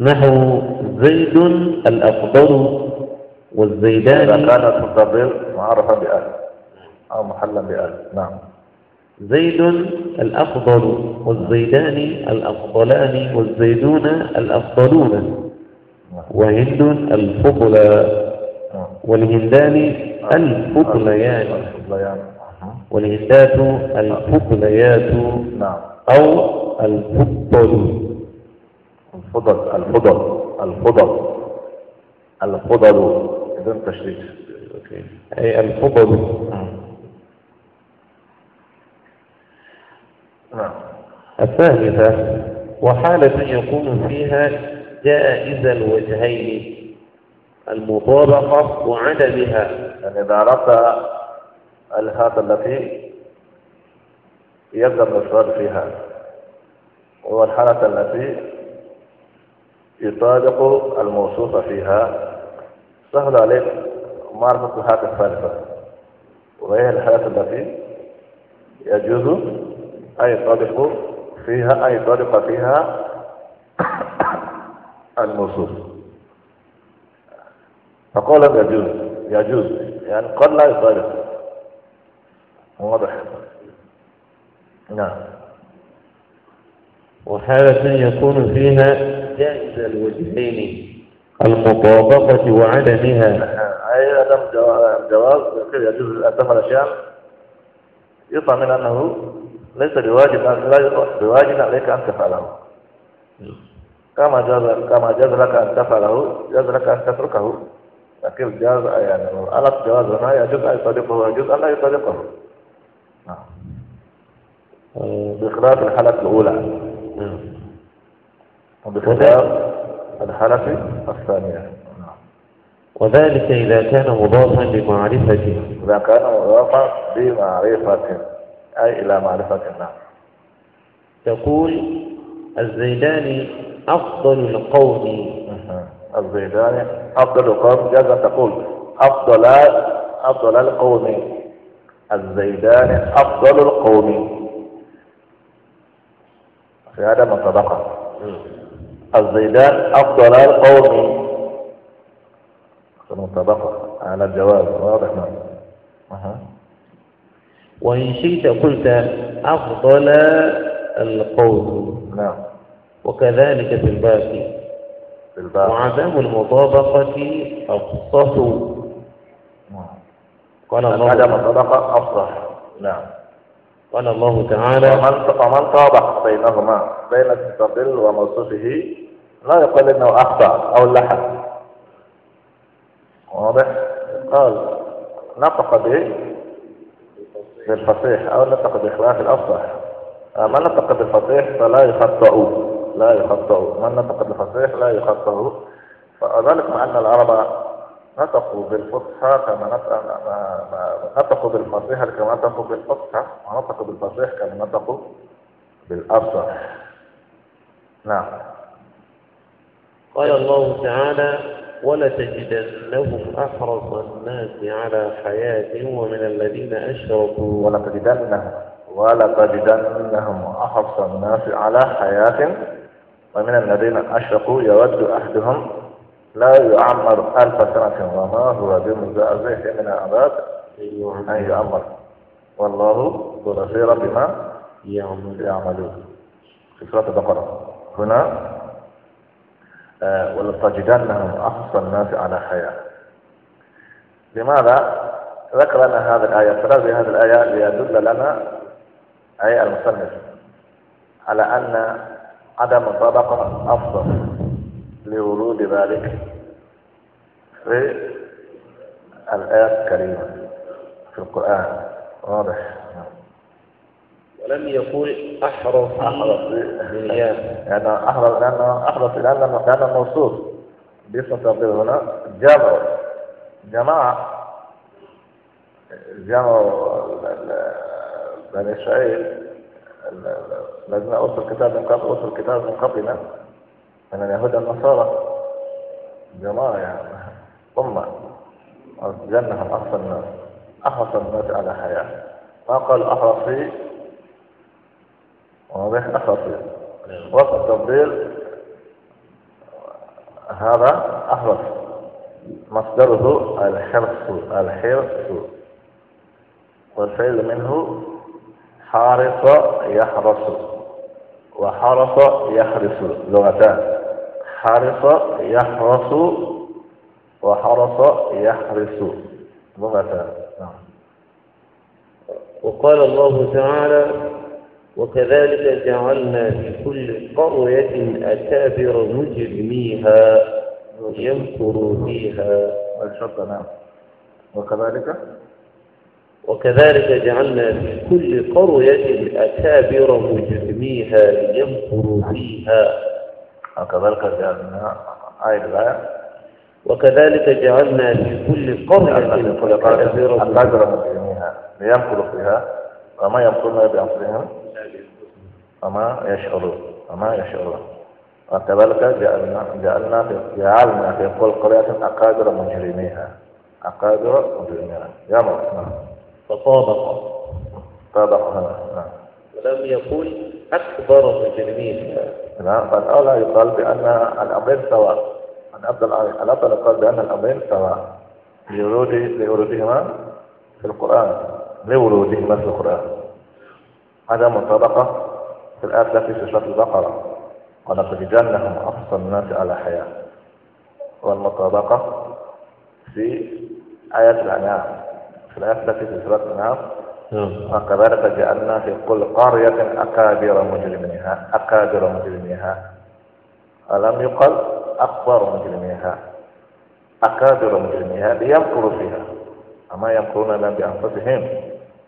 نحو زيد الأفضل والزيدان إذا كانت الضبير معرفة بأل أو محلا بأل نعم زيد الأفضل والزيدان الأفضلان والزيدون الأفضلون وهند الفضلى والهندان الفضليان والهندات الفضليات أو الفضل الفضل الفضل الفضل الفضل إذن تشريف أي الفضل نعم. الثالثة وحالة يكون فيها جائز الوجهين المطابقة وعدمها يعني إذا عرفت الهات التي يبدأ الإفراد فيها هو الحالة التي يطابق الموصوف فيها سهل عليك معرفة الحالة الثالثة وهي الحالة التي يجوز أي صادق فيها أي صادق فيها <coughs> النصوص فقال يجوز يجوز يعني قد لا يصادق واضح نعم وحالة يكون فيها جائز الوجهين المطابقة وعدمها أي عدم جواز يجوز أن الأشياء يطعم يطمن أنه ليس بواجب بواجب عليك أن تفعله كما جاز كما جاز لك أن تفعله جاز لك أن تتركه لكن جاز يعني على جواز هنا يجوز أن يطلقه ويجوز أن لا يطلقه نعم. بخلاف الحالة الأولى وبخلاف الحالة الثانية وذلك إذا كان مضافا بمعرفة إذا كان مضافا بمعرفة أي إلى معرفة الناس تقول الزيداني أفضل القوم الزيداني أفضل القوم جاز تقول أفضل أفضل القوم الزيداني أفضل القوم في هذا مطلقا الزيدان أفضل القوم مطلقا على الجواب واضح نعم وإن شئت قلت أفضل القول نعم وكذلك في الباقي وعدم المطابقة أفصح نعم. قال الله عدم المطابقة أفصح نعم قال الله تعالى ومن طابق بينهما بين المستقل وموصوفه لا يقول انه اخطا او لحق واضح قال نطق به للفصيح أو نطق بخلاف الأفصح آه، من نطق بالفصيح فلا يخطأ لا يخطأ من نطق بالفصيح لا يخطأ فذلك مع أن العرب نطقوا بالفصحى كما نطقوا بالفصيح كما نطقوا بالفصحى ونطقوا بالفصيح كما نطقوا بالأفصح نعم قال الله تعالى ولتجدنهم أحرص الناس على حياة ومن الذين أشركوا ولتجدنهم ولتجدنهم أحرص الناس على حياة ومن الذين أشركوا يود أحدهم لا يعمر ألف سنة وما هو بمزعزعه من العذاب أيوة. أن يعمر والله بصير بما يعملون في سورة البقرة هنا آه، ولتجدنهم أحرص الناس على حياة لماذا ذكر لنا هذه الآية فلا هذه الآية ليدل لنا أي المصنف على أن عدم الطبقة أفضل لورود ذلك في الآيات الكريمة في القرآن واضح ولم يقول أحرص أحرص بالياء يعني أحرص لأنه أحرص لأنه لأنه موصوف باسم تقدير هنا جمع جماعة جمع بني إسرائيل الذين اوصف الكتاب من قبل اوصف الكتاب من قبلنا من اليهود النصارى جماعة يعني أمة الجنة أحسن الناس أحرص الناس على حياة ما قال أحرصي واضح أساطير والتفضيل هذا أحرف مصدره الحرص الحرص والفعل منه حارس يحرس وحرس يحرس لغتان حرس يحرس وحرس يحرس لغتان نعم. وقال الله تعالى وكذلك جعلنا لكل قرية أكابر مجرميها يمكروا فيها الشرط نعم. وكذلك وكذلك جعلنا في كل قرية أكابر مجرميها ليمكروا فيها وكذلك جعلنا آية الآية وكذلك جعلنا في كل قرية نعم، نعم. أكابر مجرميها ليمكروا فيها وما يمكرون بأنفسهم وما يشعرون وما يشعرون وكذلك جعلنا جعلنا في جعلنا في كل قرية أكابر مجرميها أكابر مجرميها يا نعم تطابق تطابق نعم ولم يقول أكبر مجرميها نعم فالأولى يقال بأن الأمرين سواء الأفضل الأفضل يقال بأن الأمرين سواء لورود لورودهما في القرآن لورودهما في القرآن هذا مطابقة في الآية في سورة البقرة ولتجدنهم أحرص الناس على حياة والمطابقة في آية الأنعام في الآية التي في سورة الأنعام نعم. وكذلك جعلنا في كل قرية أكابر مجرميها أكابر مجرميها ألم يقل أكبر مجرميها أكابر مجرميها ليمكروا فيها أما يمكرون إلا بأنفسهم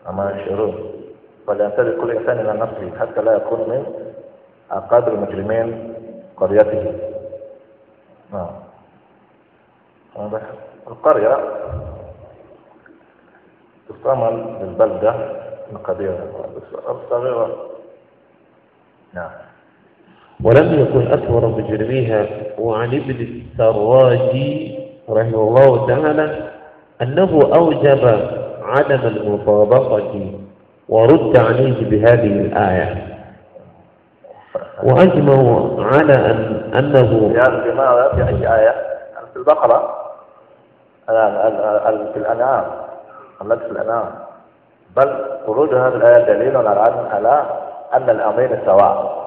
أما ينشرون فلينتبه كل إنسان إلى نفسه حتى لا يكون من عقاب مجرمين قريته نعم القرية تستعمل للبلدة القبيلة الصغيرة نعم ولم يكن أكبر مجرميها وعن ابن السراج رحمه الله تعالى أنه أوجب عدم المطابقة ورد عليه بهذه الآية وأجمعوا على أن أنه بماذا في أي آية؟ في البقرة في الأنعام التي في الأنعام بل خروج هذه الآية دليل على أن الأمرين سواء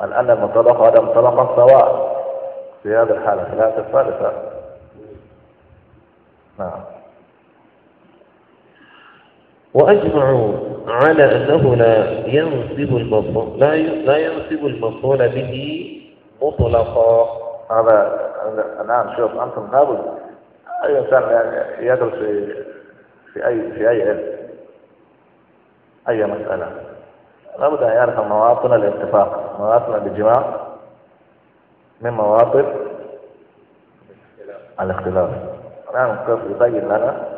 أن المطلقة هذا المطلقة سواء في هذه الحالة في الآية الثالثة نعم وأجمعوا على أنه لا ينصب المفعول لا لا ينصب المفعول به مطلقا هذا الآن شوف أنتم لابد أي إنسان يدرس في في أي في أي علم أي مسألة لابد أن يعرف مواطن الاتفاق مواطن الإجماع من مواطن الاختلاف الآن القص يبين لنا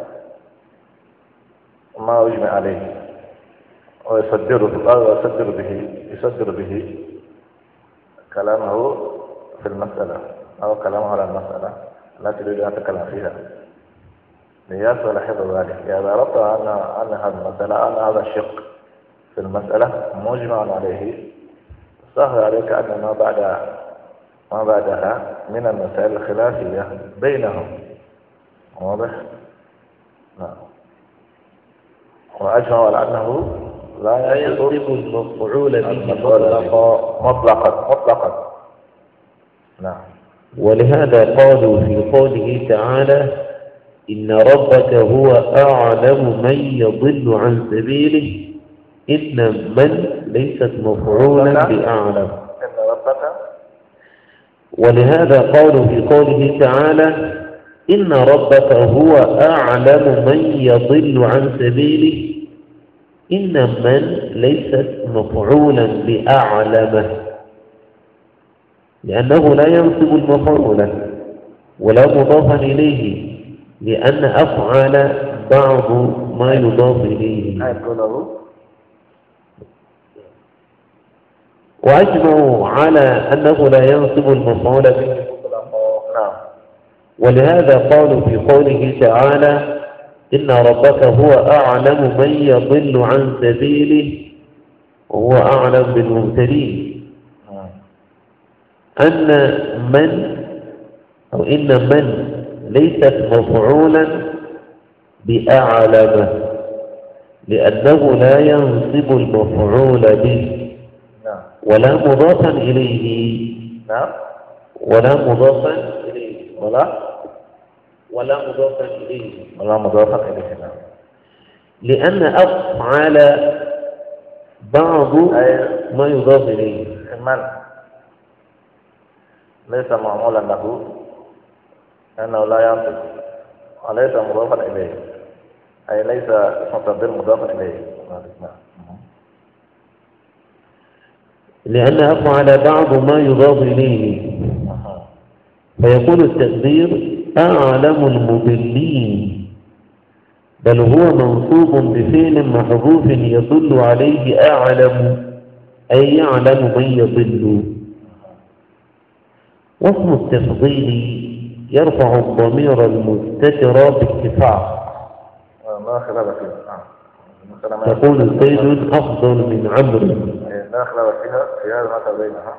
ما أجمع عليه ويصدره ويصدر آه، به يصدر به كلامه في المسألة أو كلامه على المسألة التي يريد أن يتكلم فيها ولا حفظ ذلك إذا ربط أن أن هذه المسألة أن هذا الشق في المسألة مجمع عليه سهل عليك أن ما بعد ما بعدها من المسائل الخلافية بينهم واضح؟ نعم على أنه لا يطلق المفعول به مطلقا مطلقا مطلقا نعم ولهذا قالوا في قوله تعالى إن ربك هو أعلم من يضل عن سبيله إن من ليست مفعولا بأعلم ولهذا قالوا في قوله تعالى إن ربك هو أعلم من يضل عن سبيله إن من ليست مفعولا بأعلم لأنه لا ينصب المفعول ولا مضافا إليه لأن أفعل بعض ما يضاف إليه وأجمعوا على أنه لا ينصب المفعول به نعم. ولهذا قالوا في قوله تعالى إن ربك هو أعلم من يضل عن سبيله وهو أعلم بالمبتلين أن من أو إن من ليست مفعولا بأعلم لأنه لا ينصب المفعول به نعم. ولا مضافا إليه نعم ولا مضافا إليه ولا ولا مضافا إليه ولا مضافا إليه نعم لأن أفعل بعض ما يضاف إليه من ليس معمولا له أنه لا ينطق وليس مضافا إليه أي ليس اسم تبديل مضافا إليه لأن أفعل بعض ما يضاف إليه فيقول التقدير أعلم المضلين بل هو منصوب بفعل محذوف يدل عليه أعلم أي يعلم من يضل واسم التفضيل يرفع الضمير المستتر باتفاق يقول زيد أفضل من عمرو لا خلاف فيها في هذا ما تبينها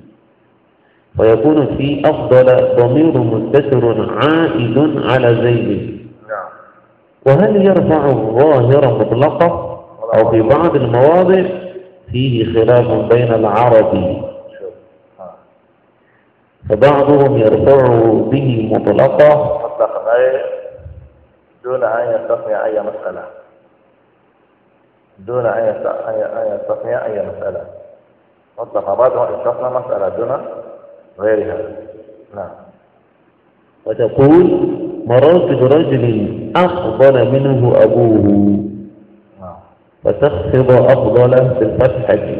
<clears throat> ويكون في أفضل ضمير متسر عائد على زيد نعم وهل يرفع الظاهر مطلقة أو في بعض المواضع فيه خلاف بين العرب فبعضهم يرفع به مطلقة مطلقا أي دون أن يستثني أي مسألة دون أن يستثني أي مسألة مطلقا بعضهم يستثنى مسألة دون غير هذا نعم وتقول مررت برجل أفضل منه أبوه نعم. وتخفض أفضل في الفتحة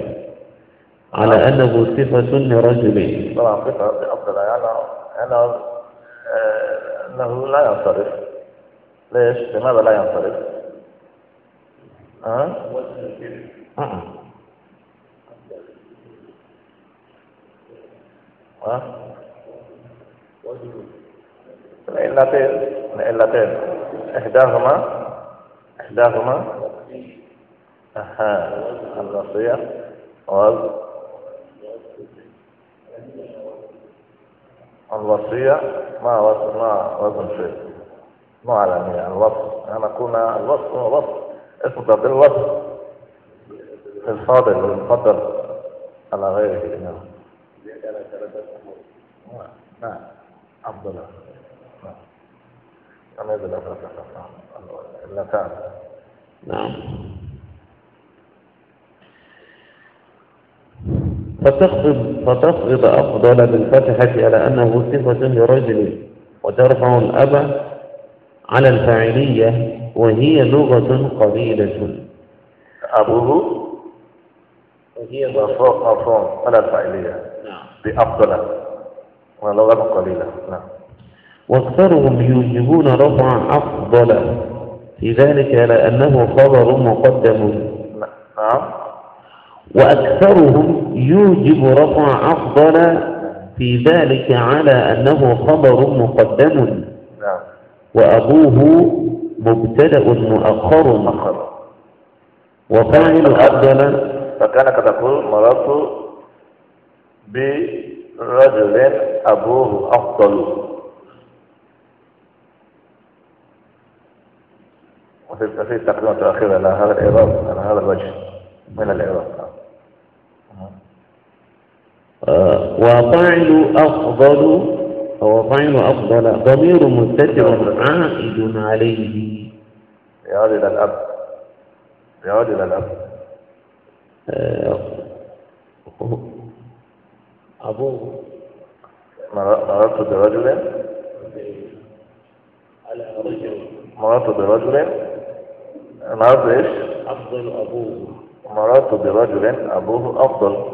على نعم. أنه صفة لرجل طبعا نعم، صفة أفضل يعني أنا آه، أنه لا ينصرف ليش؟ لماذا لا ينصرف؟ أه؟ العلتين العلتين إحداهما إحداهما أها الوصية وال الوصية ما وصف ما وزن شيء ما على الوصف أنا كنا الوصف هو وصف اسم تبديل الوصف الفاضل المفضل على غيره يعني. ثلاثة أمور نعم أفضل أنا نعم فتخفض فتخفض أفضل بالفتحة على أنه صفة لرجل وترفع الأب على الفاعلية وهي لغة قليلة أبوه وهي مرفوع على الفاعلية بأفضل ولغة قليلة نعم واكثرهم يوجبون رفعا أفضل في ذلك لأنه خبر مقدم نعم وأكثرهم يوجب رفع أفضل في ذلك على أنه خبر مقدم نعم وأبوه مبتدأ مؤخر مؤخر وفاعل أفضل فكان تقول مرات برجل أبوه أفضل وفي في تقديمات أخيرة على هذا الإعراب على هذا الوجه من الإعراب آه وفعل أفضل وفعل أفضل ضمير متجر عائد عليه يعود إلى الأب يعود إلى الأب آه، أبوه مررت برجل على رجل مررت برجل مررت إيش؟ أفضل أبوه مررت برجل أبوه أفضل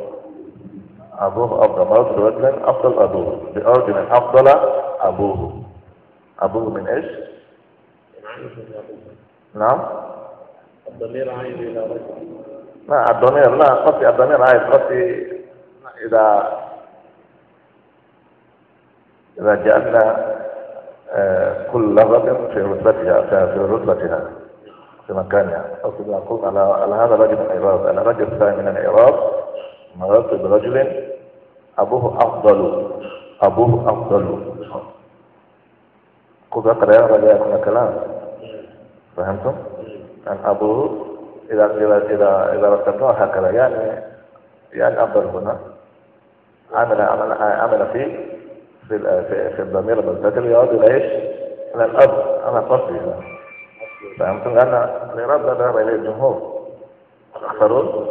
أبوه أفضل مررت برجل أفضل أبوه بأرجل أفضل أبوه أبوه من إيش؟ نعم الضمير عايز إلى رجل لا الضمير لا قصدي الضمير عايز قصدي إذا إذا جعلنا آه، كل لفظ في رتبتها في رتبتها في مكانها أقصد أقول على على هذا رجل العراق انا رجل ثاني من العراق مررت برجل أبوه أفضل أبوه أفضل قد أقرأ رجاء كلام فهمتم؟ أن يعني أبوه إذا إذا إذا إذا رتبناه هكذا يعني يعني أفضل هنا عمل عمل عمل فيه في في الضمير بالذات اللي يعود الى ايش؟ الى الاب انا قصدي يعني. انا لان ده ذهب اليه الجمهور اختارون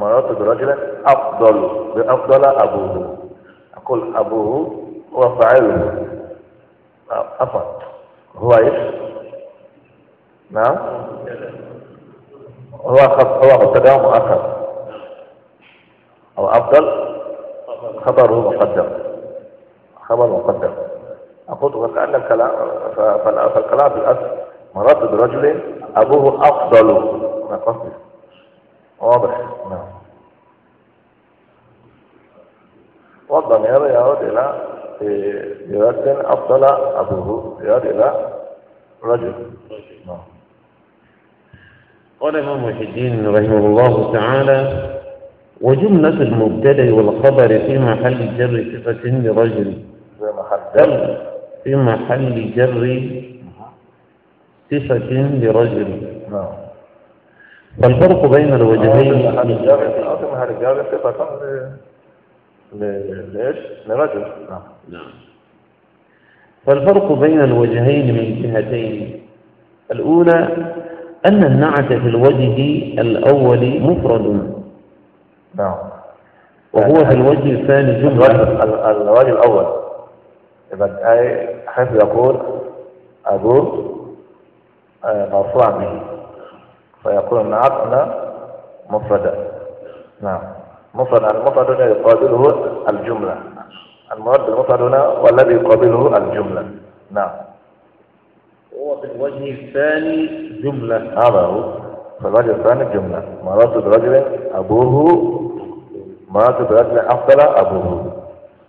ما رجلا افضل بافضل ابوه اقول ابوه هو فاعله افضل هو ايش؟ نعم هو خط هو مبتدا مؤخر او افضل خبره مقدم خبر مقدم أقول وكأن في الأصل مرات برجل أبوه أفضل أنا قصدي واضح نعم والضمير يعود إلى يرد أفضل أبوه يعود إلى رجل نعم قال إمام محي الدين رحمه الله تعالى وجملة المبتدأ والخبر في محل جر صفة لرجل محل في محل جر صفة لرجل نعم والفرق بين الوجهين في محل جر صفة لإيش؟ لرجل نعم نعم فالفرق بين الوجهين من جهتين الأولى أن النعت في الوجه الأول مفرد نعم وهو في الوجه الثاني جملة الوجه الأول يبقى أي حيث يقول أبوه مرفوع به فيكون العقل مفردا نعم مفردا المفرد هنا يقابله الجملة المرد المفرد هنا والذي يقابله الجملة نعم هو في الوجه الثاني جملة هذا هو في الوجه الثاني جملة مرات برجل أبوه مرات برجل أفضل أبوه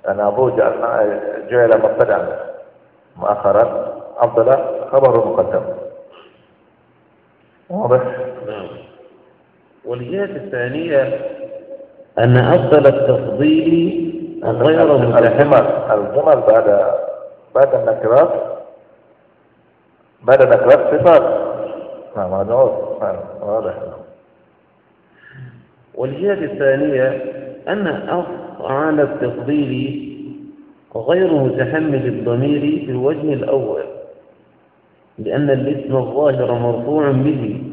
أن أبوه جعل مبتدعا مؤخرا أفضل خبر مقدم واضح نعم. والجهة الثانية أن أفضل التفضيل غير الجمل الجمل بعد بعد النكرات بعد النكرات صفات نعم هذا واضح نعم، والجهة الثانية أن أفعال التقدير غير متحمل الضمير في الوجه الأول لأن الاسم الظاهر مرفوع به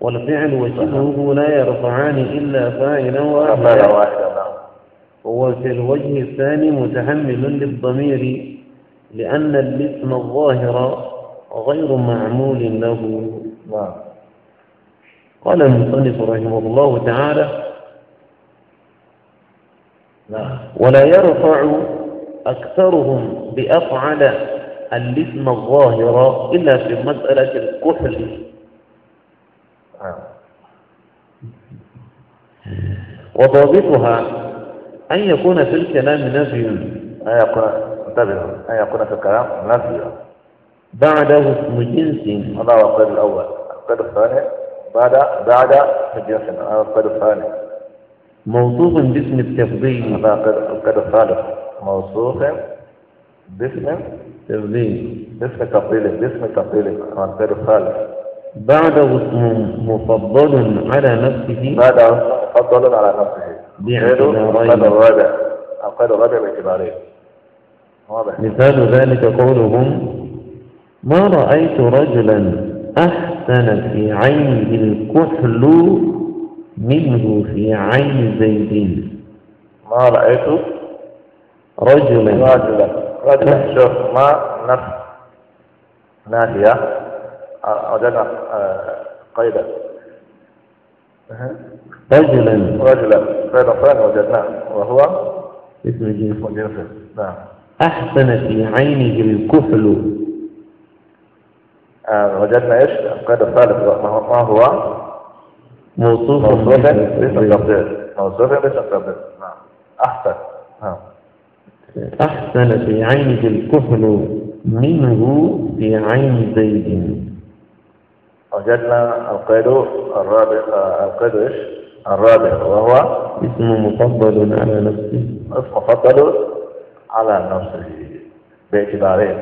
والفعل وجهه لا يرفعان إلا فاعلا واحدا وفي نعم. الوجه الثاني متحمل للضمير لأن الاسم الظاهر غير معمول له نعم. قال المصنف رحمه الله تعالى ولا يرفع أكثرهم بأفعل الاسم الظاهرة إلا في مسألة الكحل وضابطها أن يكون في الكلام نفي أن يكون انتبهوا أن يكون في الكلام نفي بعده اسم جنس هذا هو القيد الأول القيد الثاني بعد بعد اسم جنس هذا القيد الثاني موصوف باسم التفضيل القدر الثالث موصوف باسم التفضيل باسم تفضيل باسم تفضيل القدر الثالث بعد اسم مفضل على نفسه بعد اسم مفضل على نفسه باعتبارين الرابع القدر الرابع باعتبارين واضح مثال ذلك قولهم ما رأيت رجلا أحسن في عينه الكحل منه في عين زيد ما رأيت رجلا رجلا رجلا شوف ما نفس ناهية أردنا آه، قيدا رجلا رجلا قيدا فين وجدناه وهو اسم جنس جنس نعم أحسن في عينه الكحل آه، وجدنا إيش القيد الثالث ما هو موصوف موصوفا باسم موصوفا باسم نعم أحسن نعم أحسن في عين الكفل منه في عين زيد وجدنا القيد الرابع القيد ايش؟ الرابع وهو اسم مفضل على نفسه اسم مفضل على نفسه باعتبارين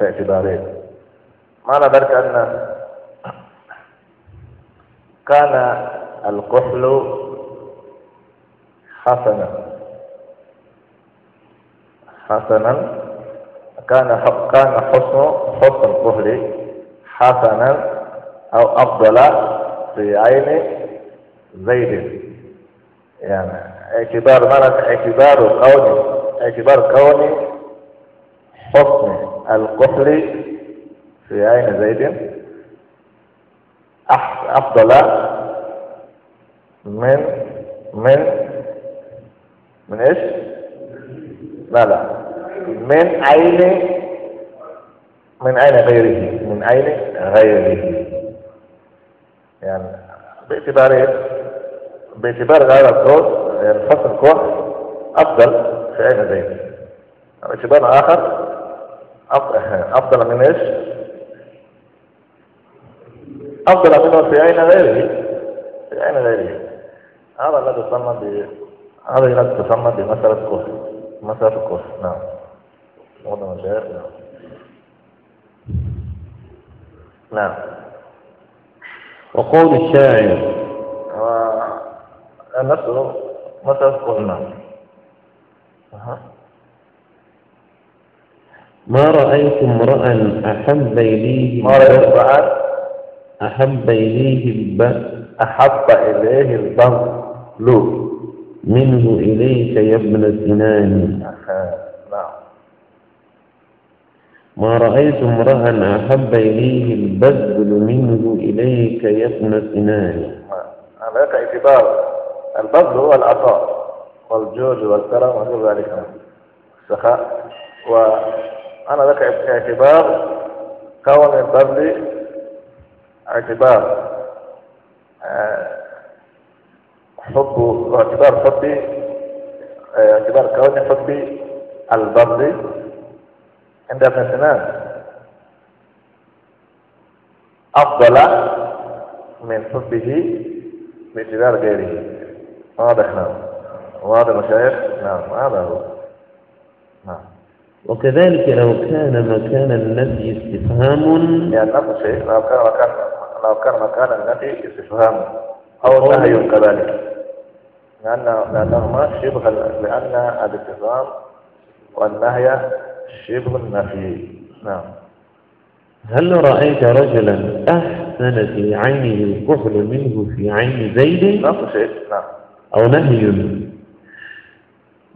باعتبارين معنى ذلك أن كان الكحل حسنا حسنا كان كان حسن حسن الكحل حسنا أو أفضل في عين زيد يعني اعتبار مرض اعتبار كوني اعتبار كوني حسن الكحل في عين زيد أفضل من من من إيش؟ لا لا من عين من عين غيره من عين غيره يعني باعتبار باعتبار غير الكون يعني فصل الكون أفضل في عين غيره باعتبار آخر أفضل من إيش؟ أفضل منه في عين غيره في عين غيره هذا لا تسمى ب هذا لا تسمى بمسألة كفر مسألة كفر نعم وضع مشاهد نعم نعم وقول الشاعر نفسه مسألة كفر نعم أه. ما رأيت امرأ أحب إليه ما رأيت امرأ أحب إليه أحب إليه البر له منه إليك يا ابن سنان ما رأيت امرأ أحب إليه البذل منه إليك يا ابن سنان هناك اعتبار البذل هو العطاء والجود والكرم وغير ذلك السخاء وأنا لك اعتبار كون البذل اعتبار آه، حب واعتبار حبي آه، اعتبار كوني حبي البردي عند ابن سنان أفضل من حبه باعتبار غيره واضح نعم واضح مشايخ نعم هذا هو نعم وكذلك لو كان مكان النفي استفهام يعني نفس الشيء لو كان مكان لو كان مكان النفي استفهام أو نهي كذلك لأن لأنهما شبه لأن الاستفهام والنهي شبه النفي نعم هل رأيت رجلا أحسن في عينه الكحل منه في عين زيد؟ نفس الشيء نعم أو نهي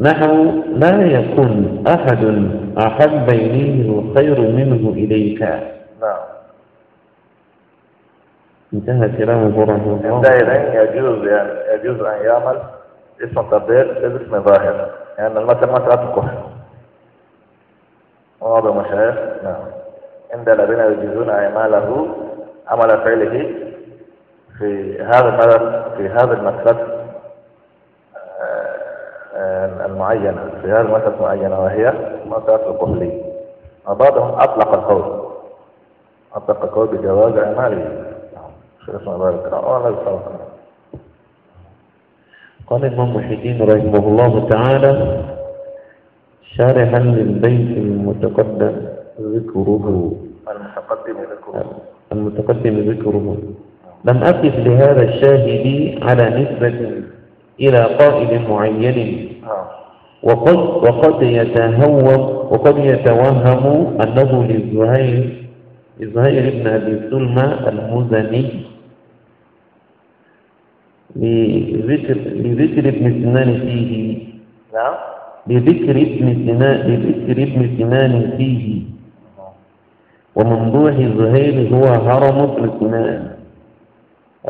نحو لا يكن أحد أحب إليه الخير منه إليك نعم انتهى كلام رحمه انتهى دائما يجوز يعني يجوز أن يعمل اسم تبديل باسم ظاهر يعني المثل ما الكفر وهذا مشايخ نعم عند الذين يجوزون أعماله عمل فعله في هذا المثل في هذا المثل آه، آه، المعينة في هذا المثل المعينة وهي مسألة الكحلي وبعضهم أطلق القول أطلق القول بجواز أعماله قال الإمام محيدين الدين رحمه الله تعالى شارحا للبيت المتقدم ذكره المتقدم ذكره المتقدم ذكره لم أقف لهذا الشاهد على نسبة إلى قائد معين آه. وقد وقد يتهوم وقد يتوهم أنه لزهير زهير بن أبي سلمى المزني لذكر لذكر ابن سنان فيه نعم لذكر ابن سنان لذكر ابن سنان فيه وممدوح الزهير هو هرم ابن سنان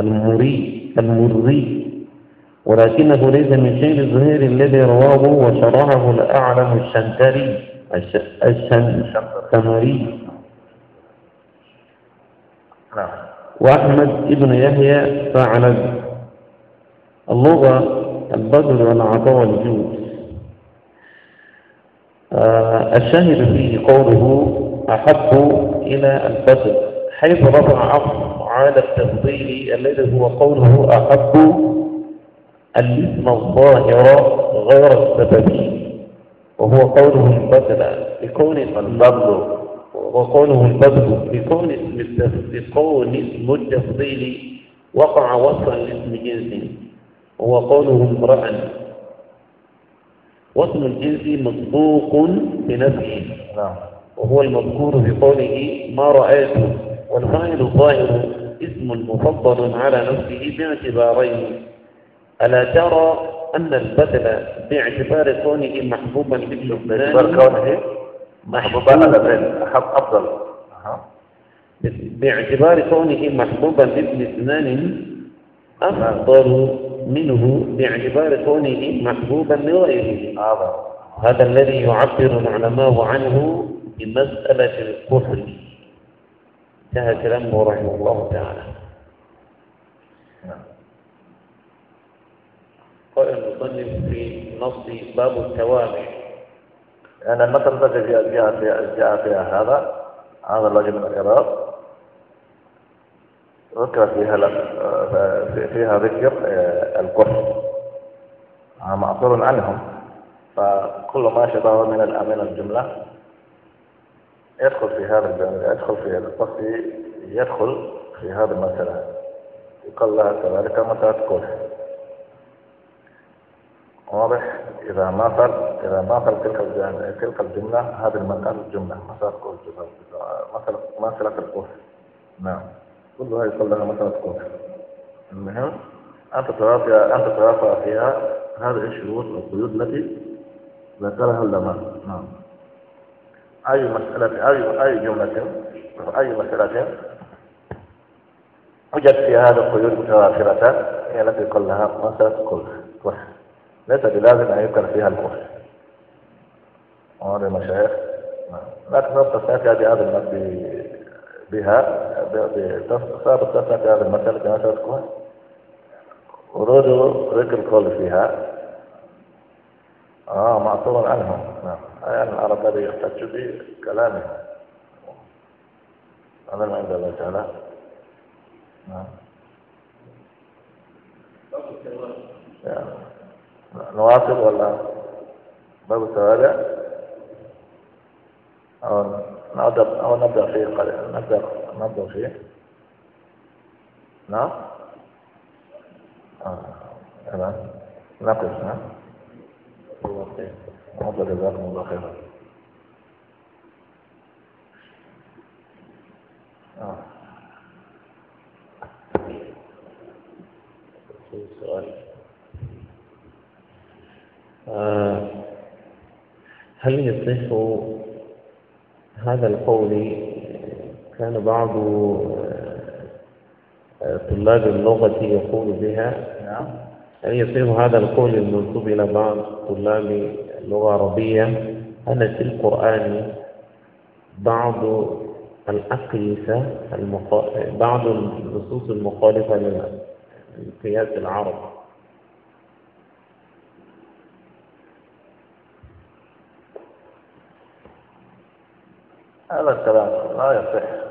المري المري ولكنه ليس من شيء الزهير الذي رواه وشرحه الأعلم الشنتري الشنتري نعم وأحمد ابن يحيى فعل اللغة البذل والعطاء والجود آه، الشاهد فيه قوله أحب إلى البذل حيث رفع عقل على التفضيل الذي هو قوله أحب الاسم الظاهر غير السببي وهو قوله البذل لكون البذل وقوله البذل لكون اسم التفضيل وقع وصفا لاسم جنسه هو قوله امرأ واسم الجنس مصدوق بنفسه نعم. وهو المذكور في قوله ما رأيته والفاعل الظاهر اسم مفضل على نفسه باعتبارين ألا ترى أن البدل باعتبار كونه محبوبا باللبناني إيه؟ باعتبار كونه محبوبا أفضل باعتبار كونه محبوبا بابن سنان أفضل منه باعتبار كونه محبوبا لغيره آه. هذا الذي يعبر العلماء عنه بمسألة الكحل انتهى كلامه رحمه الله تعالى قال المصنف في نص باب التوابع أنا ما ترتجع جاء فيها هذا هذا الرجل من العراق ذكر فيها آه، فيها ذكر آه، الكفر آه، معصور عنهم فكل ما شبه من الأمين الجملة يدخل في هذا يدخل في القصد يدخل في هذا المسألة يقال لها كذلك مسألة كفر واضح إذا ما فعل إذا ما فعل تلك الجملة تلك الجملة هذه المسألة الجملة مسألة كفر مسألة مسألة نعم كلها يصل لها مثلا تكون المهم أن تترافع أن تترافع فيها هذه الشروط والقيود التي ذكرها العلماء نعم أي مسألة أي أي جملة أي مسألة وجد في هذا القيود متواترة هي التي يقول لها مسألة كل كفر ليس بلازم أن يذكر فيها الكفر وهذا المشايخ نعم. لكن نقطة ثانية هذه بها صارت تفتح هذا المثل كما تذكر ورود رجل كل فيها آه معصوم عنهم نعم يعني العرب هذا يحتج بكلامه هذا ما عند الله تعالى نعم نواصل ولا باب التوابع أو نبدأ أو نبدأ فيه قليلا نبدأ نبدأ نعم، فيه نعم آه. تمام نقف ها الله جزاكم الله خيرا آه. سؤال آه، هل يصح هذا القول كان بعض آه، آه، طلاب اللغة يقول بها نعم يصير هذا القول المنسوب إلى بعض طلاب اللغة العربية أن في القرآن بعض الأقيسة المخ... بعض النصوص المخالفة للقياس العرب هذا الكلام لا يصح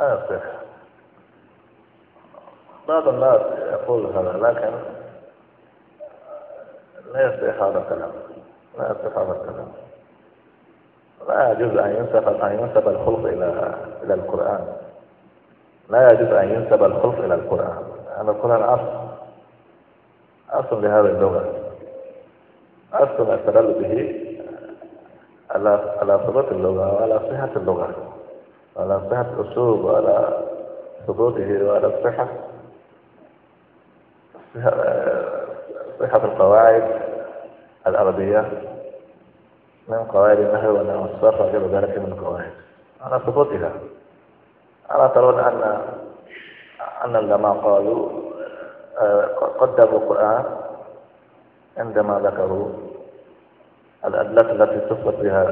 آسف بعض الناس يقول هذا لكن لا يصح هذا الكلام لا يصح هذا الكلام لا يجوز أن ينسب أن ينسب الخلق إلى إلى القرآن لا يجوز أن ينسب الخلق إلى القرآن أن القرآن أصل أصل لهذه اللغة أصل ما استدل به على على صفة اللغة وعلى صحة اللغة على صحة أسلوب وعلى سقوطه وعلى صحة صحة القواعد الأرضية من نعم، قواعد النهر والنحو الصرف وغير ذلك من القواعد على سقوطها ألا ترون أن أن العلماء قالوا آه، قدموا القرآن عندما ذكروا الأدلة التي تصف بها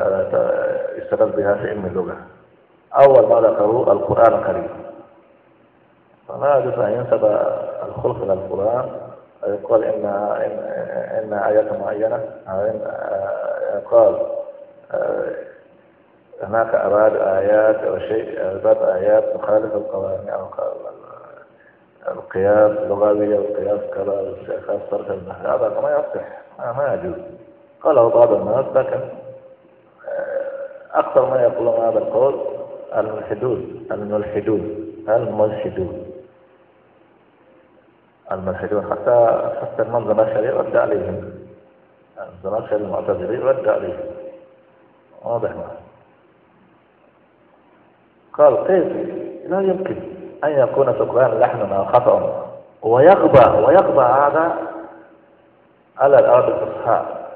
استدل آه، بها في علم اللغة أول ما ذكروا القرآن الكريم فما يجوز أن ينسب الخلق إلى القرآن يقال إن إن, إن آية معينة أو إن يقال آه، هناك أراد آيات أو شيء أراد آيات تخالف القوانين أو القياس اللغوية والقياس كذا والشيخات صرف البحر هذا ما يصح ما يجوز قاله بعض الناس لكن آه، أكثر ما يقولون هذا القول الملحدون الملحدون الملحدون الملحدون حتى حتى المنظمة رد عليهم الزمخشري المعتزلي رد عليهم واضح معه قال كيف لا يمكن أن يكون سكران لحنا خطأ ويقبى ويقبى هذا على الأرض الفصحاء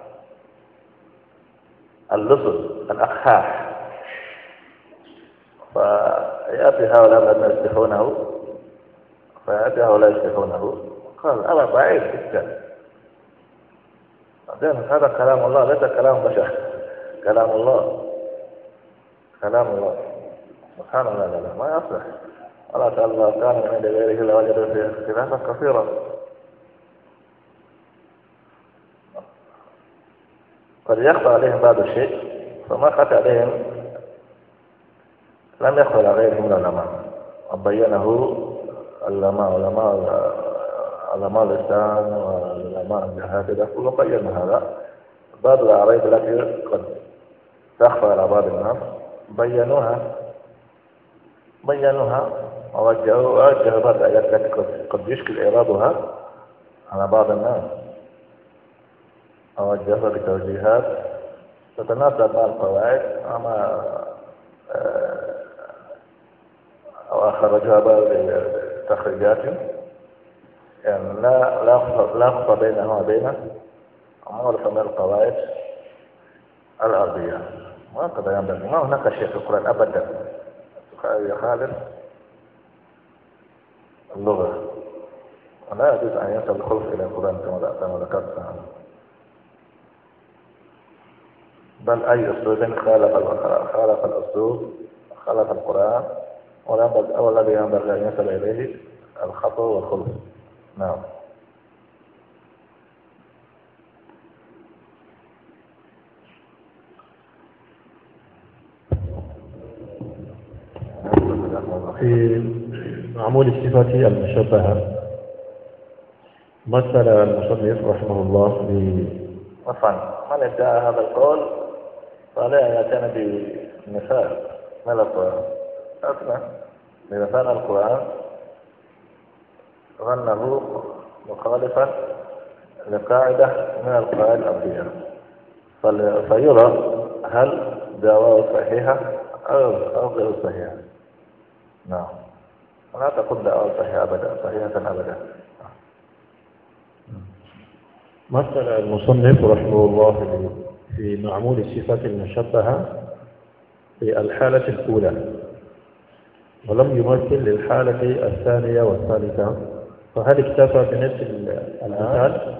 اللصص الأقحاح فيأتي هؤلاء الذين يشبهونه فيأتي هؤلاء يشبهونه قال أنا بعيد جدا بعدين هذا كلام الله ليس كلام بشر كلام الله كلام الله سبحان الله لا لا ما يصلح ولا سأل الله كان من عند غيره وجد فيه اختلافا كثيرا قد يخفى عليهم بعض الشيء فما خفى عليهم لم يخلى غير من العلماء بينه العلماء علماء علماء الإسلام وعلماء الجهاد كلهم بين هذا بعض الأعراض التي قد تخفى على بعض الناس بينوها بينوها ووجهوا وجهوا بعض الآيات التي قد يشكل إعراضها على بعض الناس ووجهوا بتوجيهات تتناسب مع القواعد ومع أو أخرجها بعض التخرجات يعني لا لا خط بينها وبين معظم القواعد الأرضية وهكذا ينبغي ما هناك شيء في القرآن أبدا يخالف اللغة ولا يجوز أن ينسب الخلف إلى القرآن كما ذكرت بل أي أسلوب خالف خالف الأسلوب خالف القرآن ولقد أول الذي ينبغي أن يصل إليه الخطر والخلف نعم في معمول الصفة المشبهة مثل المصنف رحمه الله ب مثلا من ادعى هذا القول فعليه أن يأتينا بمثال ما أطلع إذا كان القرآن ظنه مخالفا لقاعدة من القواعد الأرضية فيرى هل دعواه صحيحة أو غير صحيحة نعم لا تقول دعوة صحيحة أبدا صحيحة أبدا مثل المصنف رحمه الله في معمول الصفات المشبهة في الحالة الأولى ولم يمثل للحالة الثانية والثالثة فهل اكتفى بنفس المثال؟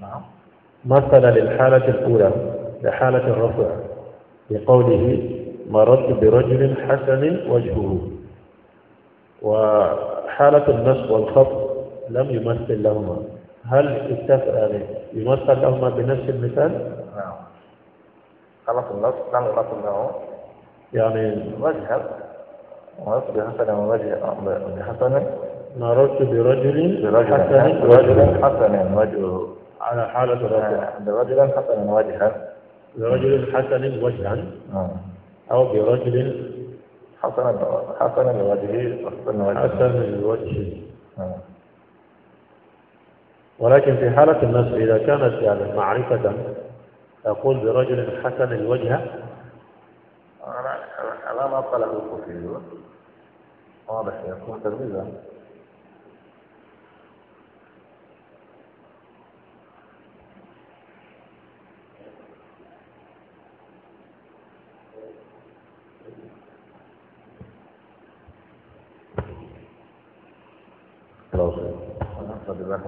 نعم مثل للحالة الأولى لحالة الرفع بقوله مررت برجل حسن وجهه وحالة النصب والخط لم يمثل لهما هل اكتفى يعني يمثل لهما بنفس المثال؟ نعم خلص النصب لم يمثل له يعني مذهب مررت بحسن وجه بحسن مررت برجل برجل حسن حسنا وجهه على حالة آه، برجل حسن حسنا وجها برجل حسن وجها نعم. أو برجل حسن حسن الوجه حسن الوجه حسن الوجه نعم. ولكن في حالة النصب إذا كانت يعني معرفة أقول برجل حسن الوجه أنا أنا ما أطلع الكوفي واضح يكون تلميذا جزاك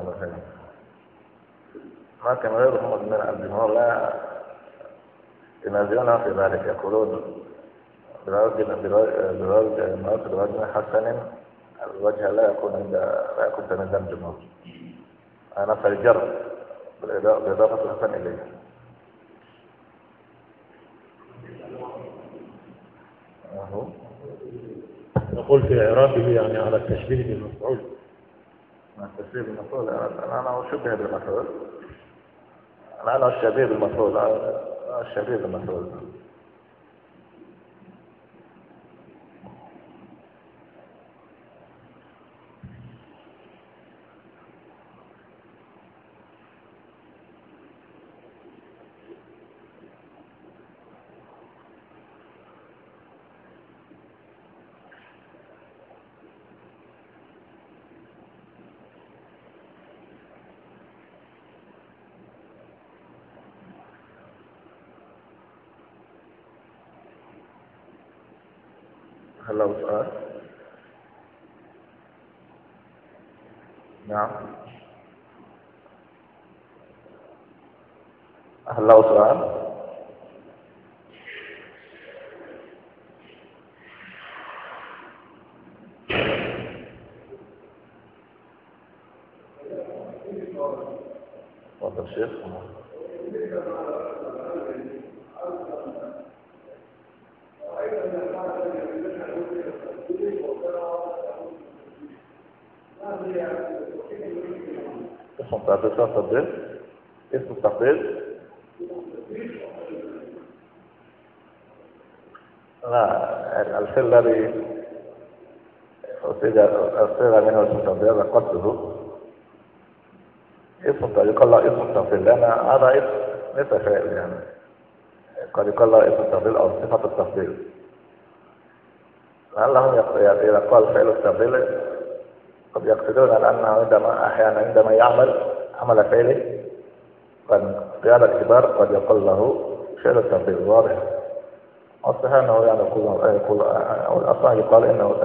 ما كان غيرهم من النار لا ينازعون في ذلك يقولون برد برد مناطق الوجه حسن الوجه لا يكون عند لا يكون من دم جمهور نفع الجرد بالإضافة الحسن إليه أهو نقول في إعرابه يعني على التشبيه بالمفعول التشبيه بالمفعول أنا أنا أشبه بالمفعول أنا أشبه بالمفعول أنا أشبه بالمفعول الله سؤال نعم هل له سؤال الذي أصيغ منه اسم تنفيذ هذا اسم قد يقال اسم تنفيذ لأن هذا اسم ليس شيء يعني قد يقال اسم التفضيل أو صفة التفضيل لعلهم إذا قال فعل التفضيل قد يقصدون لأنه عندما أحيانا عندما يعمل عمل فعله قد قيادة كبار قد يقول له فعل التفضيل واضح أصلها أنه يعني كل كل الأصل يقال أنه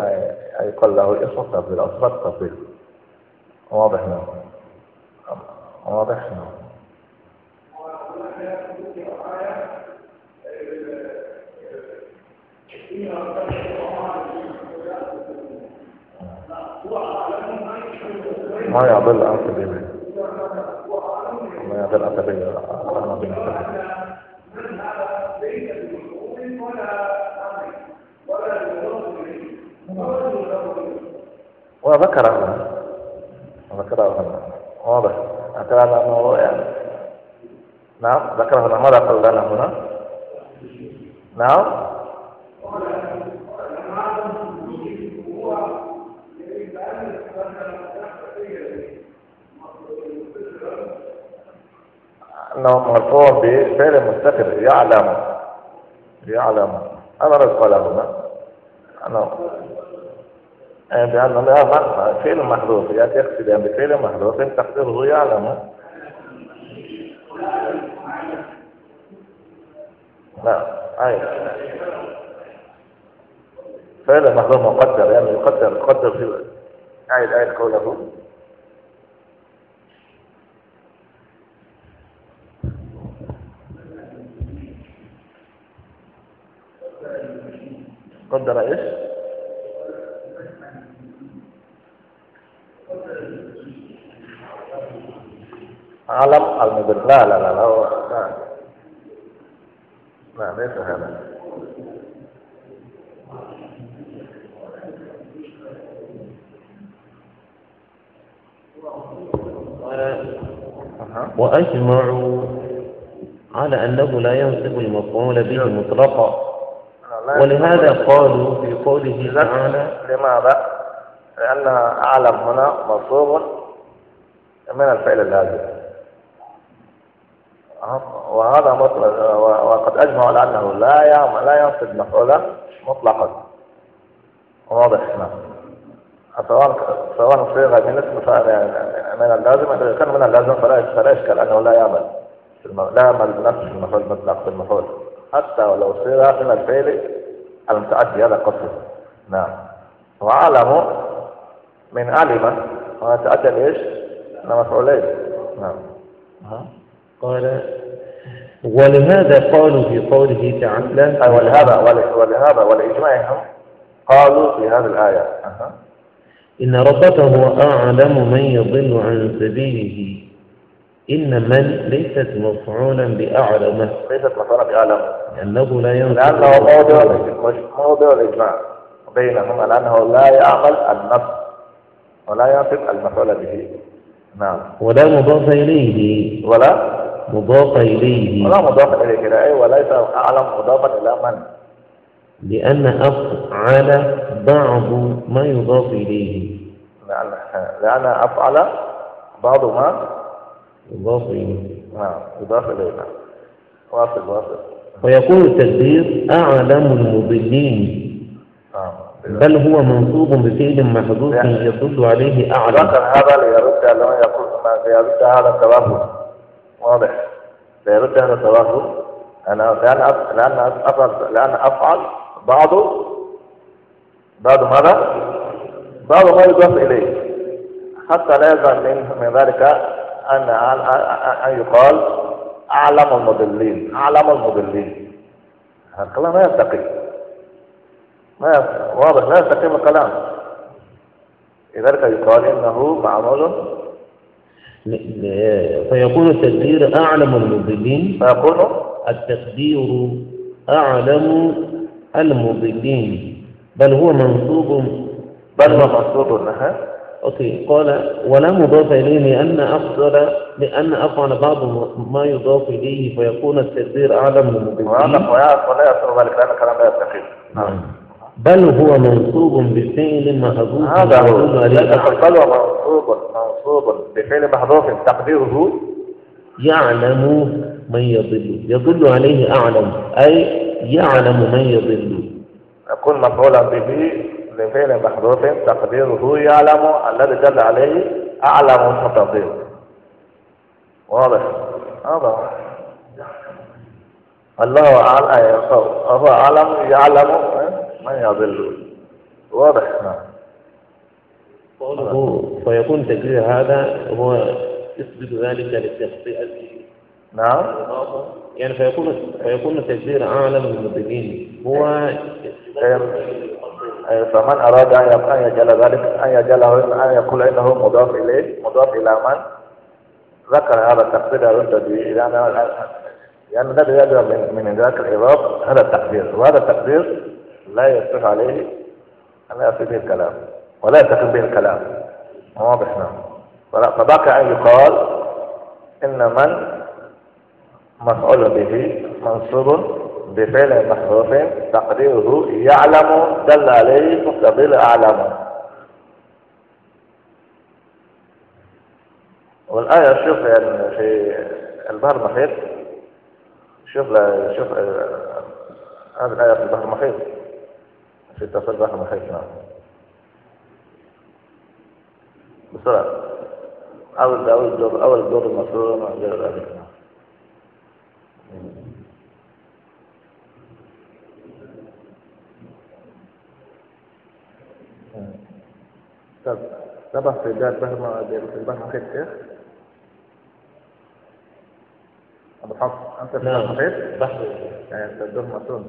يقال له الاسم التفضيل أصل التفضيل واضح نعم واضح نعم ما يعضل الأنسبة ما يعضل الأنسبة وذكره وذكره هنا واضح أتى على أنه نعم ذكره هنا ماذا قال لنا هنا نعم انه مرفوع بفعل مستقر يعلم يعلم رزق له هنا انا آه، بأن لا فعل محذوف يأتي اقتداء بفعل محذوف تقديره يعلم نعم أي فعل محذوف مقدر يعني يقدر يقدر في أي أعيد قوله قدر ايش؟ علم المدن لا لا لا لا هو لا لا ليس هذا وأجمعوا على أنه لا ينصب المفعول به مطلقا ولهذا قالوا في قوله تعالى لماذا؟ لأن أعلم هنا منصوب من الفعل اللازم وهذا مطلق وقد اجمع على أنه لا لا ينصب مفعولا مطلقا واضح هنا سواء سواء صيغة من اسم من اللازم إذا كان من اللازم فلا فلا إشكال أنه لا يعمل لا يعمل بنفس المفعول المطلق في المفعول حتى ولو صيغة من الفعل المتعدي هذا قصد نعم وعلم من علم ويتعدى لإيش؟ لمفعولين نعم قال ولهذا قالوا في قوله تعالى ولهذا ولهذا ولإجماعهم قالوا في هذه الآية إن ربك هو أعلم من يضل عن سبيله إن من ليست مفعولا بأعلم ليست مفعولا بأعلم لأنه لا ينصر لأنه موضع موضع الإجماع بينهم لأنه لا يعمل النص ولا ينطق المفعول به نعم ولا مضاف إليه ولا مضاف إليه ولا مضاف إليه لا أيوة ليس أعلم مضافا إلى من لأن أفعل بعض ما يضاف إليه لأن لأن أفعل بعض ما يضاف إليه نعم يضاف إليه واصل واصل ويقول التدبير أعلم المضلين نعم. بل هو منصوب بفعل محدود يدل عليه أعلم ذكر هذا ليرد لما يقول ليرد هذا التوافق واضح فيرد هذا التوافق أنا لأن لأن أفعل لأن أفعل بعضه بعض ماذا؟ بعض ما يضاف إليه حتى لا يزعل من من ذلك أن أن يقال أعلم المضلين أعلم المضلين الكلام لا يستقيم ما واضح لا يستقيم الكلام لذلك يقال إنه معمول فيكون التدبير أعلم المضلين فيكون التقدير أعلم المضلين بل هو منصوب بل هو منصوب لها أوكي قال ولا مضاف إليه لأن أفضل لأن أفعل بعض ما يضاف إليه فيكون التدبير أعلم المضلين ويعرف ولا يصل ذلك لأن الكلام لا يستقيم نعم بل هو منصوب بفعل محذوف هذا هو بل هو منصوب منصوب بفعل محذوف تقديره يعلم من يضل يضل عليه أعلم أي يعلم من يضل يكون مفعولا به لفعل محذوف تقديره يعلم الذي دل عليه أعلم فتضل واضح هذا الله أعلم أعلم يعلم من يضل واضح قوله فيكون تقرير هذا هو يثبت ذلك للتخطئة نعم يعني فيكون فيكون تقرير أعلم المدلين هو فمن أراد أن يجعل ذلك أن يجعل أن يقول إنه مضاف إليه مضاف إلى من ذكر هذا التقدير يرد به لأن ده بيدرى من إدراك الإضافة هذا التقدير وهذا التقدير لا يصح عليه أن يصح به الكلام ولا يتقن به الكلام واضح نعم فبقى أن يقال إن من مفعول به منصوب بفعل محذوف تقديره يعلم دل عليه مقتضي أعلم والآية شوف يعني في البحر المحيط شوف شوف آه، هذه الآية في البحر المحيط في التصل البحر المحيط نعم بسرعة أول أول دور أول دور المسرور مع غير ذلك نعم طب سبع في البحر المحيط كيف؟ الحق أنت في المحيط بحر يعني أنت الدور مأتون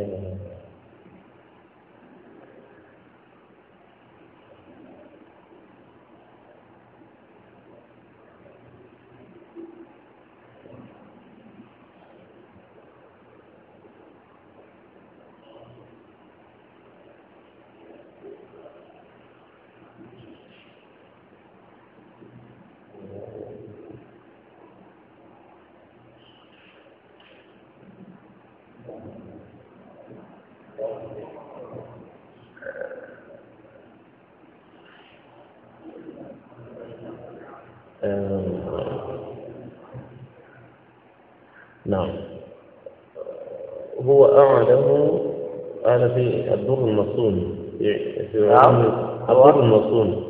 Thank you. هو أعلم على في الدر المصون نعم الدر المصون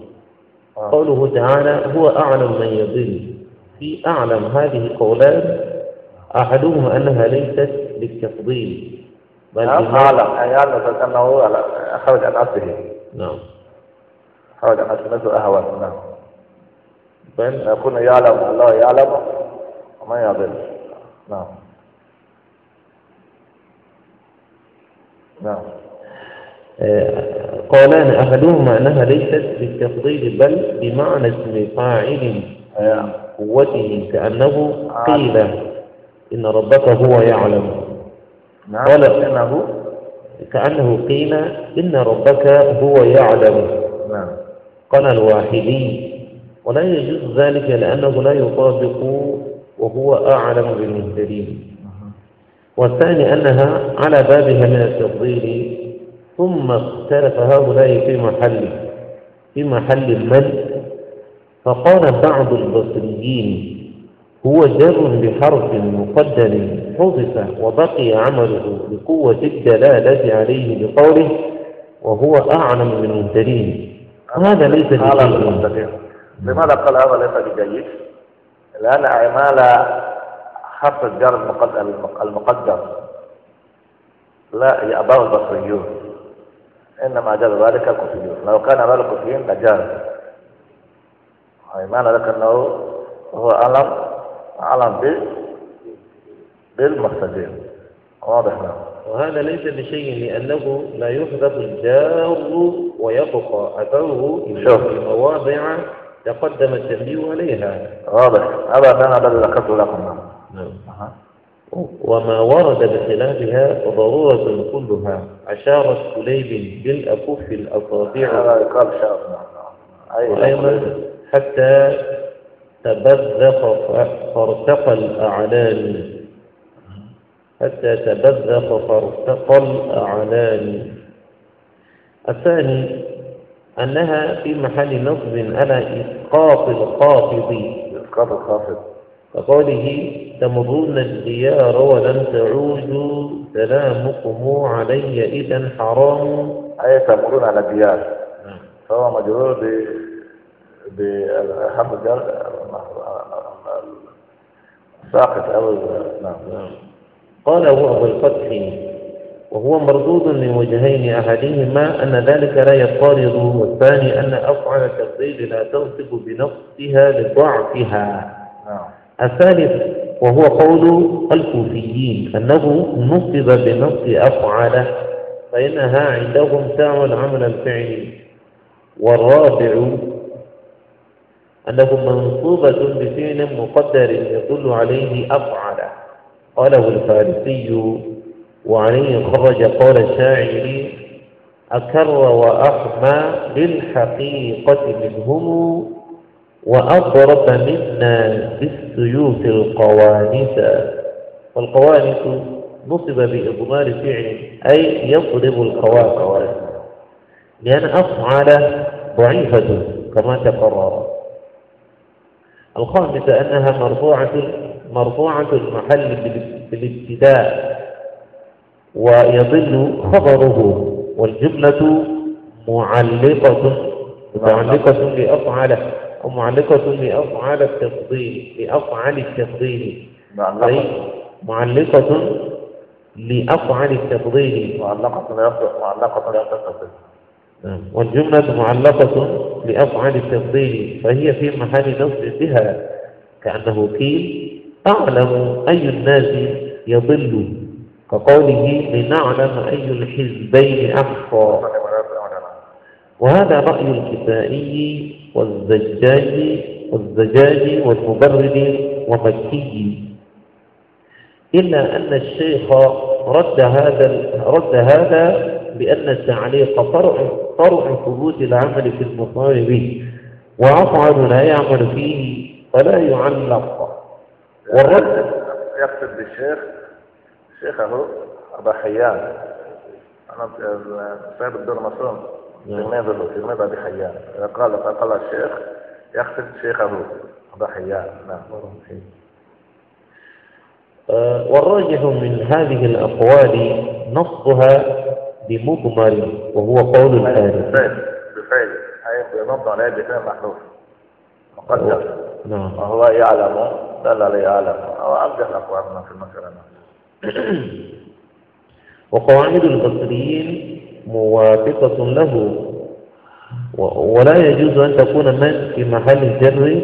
آه. قوله تعالى هو أعلم من يضل في أعلم هذه القولات أحدهما أنها ليست للتفضيل بل نعم أعلم أعلم أنه خرج عن أصله نعم خرج عن أصله أهوى نعم بل يكون يعلم الله يعلم وما يضل نعم نعم آه، قولان أحدهما أنها ليست بالتفضيل بل بمعنى اسم فاعل قوته كأنه قيل آه. إن ربك هو يعلم نعم كأنه كأنه قيل إن ربك هو يعلم نعم قال الواحدي ولا يجوز ذلك لأنه لا يطابق وهو أعلم بالمهتدين والثاني أنها على بابها من التفضيل ثم اختلف هؤلاء في محل في محل من فقال بعض البصريين هو جر بحرف مقدر حذف وبقي عمله بقوة الدلالة عليه بقوله وهو أعلم من المبتدئين هذا ليس بجيد لماذا قال هذا ليس بجيد؟ لأن أعمال حرف الجر المقدر لا يأباه البصريون إنما جاب ذلك الكوفيون لو كان أبا الكوفيين لجاز معنى ذلك أنه هو ألم علم بالمحتجين واضح نعم وهذا ليس بشيء لأنه لا يحذف الجار ويبقى أثره إلى في مواضع تقدم التنبيه عليها واضح هذا أنا بل لكم نعم. وما ورد بخلافها فضرورة كلها عشارة كليب بالأكف الأصابع وأيضا حتى تبذق فارتقى الأعلان حتى تبذق فارتقى الأعلان الثاني أنها في محل نصب على إسقاط الخافض إسقاط الخافض كقوله تمرون الديار ولم تعودوا سلامكم علي إذا حرام أي تمرون على الديار نعم. فهو مجرور ب بالحمد الجر ساقط أو نعم, نعم. هو أبو الفتح وهو مردود من وجهين أحدهما أن ذلك لا يضطرد والثاني أن افعال التفضيل لا تنصب بنفسها لضعفها نعم الثالث وهو قول الكوفيين أنه نصب بنص أفعل فإنها عندهم تعمل عمل الفعل والرابع أنه منصوبة بفعل مقدر يدل عليه أفعل قاله الفارسي وعليه خرج قول الشاعر أكر وأحمى للحقيقة منهم وأضرب منا بالسيوف القوانس والقوانس نصب بإضمار فعل أي يضرب القوانس لأن أفعال ضعيفة كما تقرر الخامسة أنها مرفوعة مرفوعة المحل بالابتداء ويضل خبره والجملة معلقة معلقة بأفعاله ومعلقة لأفعال التفضيل لأفعال التفضيل معلقة معلقة لأفعال التفضيل معلقة معلقة لأفعال نعم. والجملة معلقة لأفعال التفضيل فهي في محل نصب بها كأنه قيل أعلم أي الناس يضل كقوله لنعلم أي الحزبين أحصى وهذا رأي الكسائي والزجاج والزجاج والمبرد ومكي إلا أن الشيخ رد هذا رد هذا بأن التعليق فرع فرع ثبوت العمل في المطالب به وأفعل لا يعمل فيه فلا يعلق والرد يقصد بالشيخ الشيخ أبا حيان أنا صاحب الدور مصر لماذا لماذا بحيان قال قال الشيخ يقتل شيخه هذا حيان نعم أه، والراجح من هذه الأقوال نصها بمضمر وهو قول الآن بفعل أي بنض على بفعل محذوف مقدر نعم وهو يعلم دل عليه يعلم أو أرجح الأقوال في المسألة <coughs> وقواعد البصريين موافقة له ولا يجوز أن تكون من في محل الجر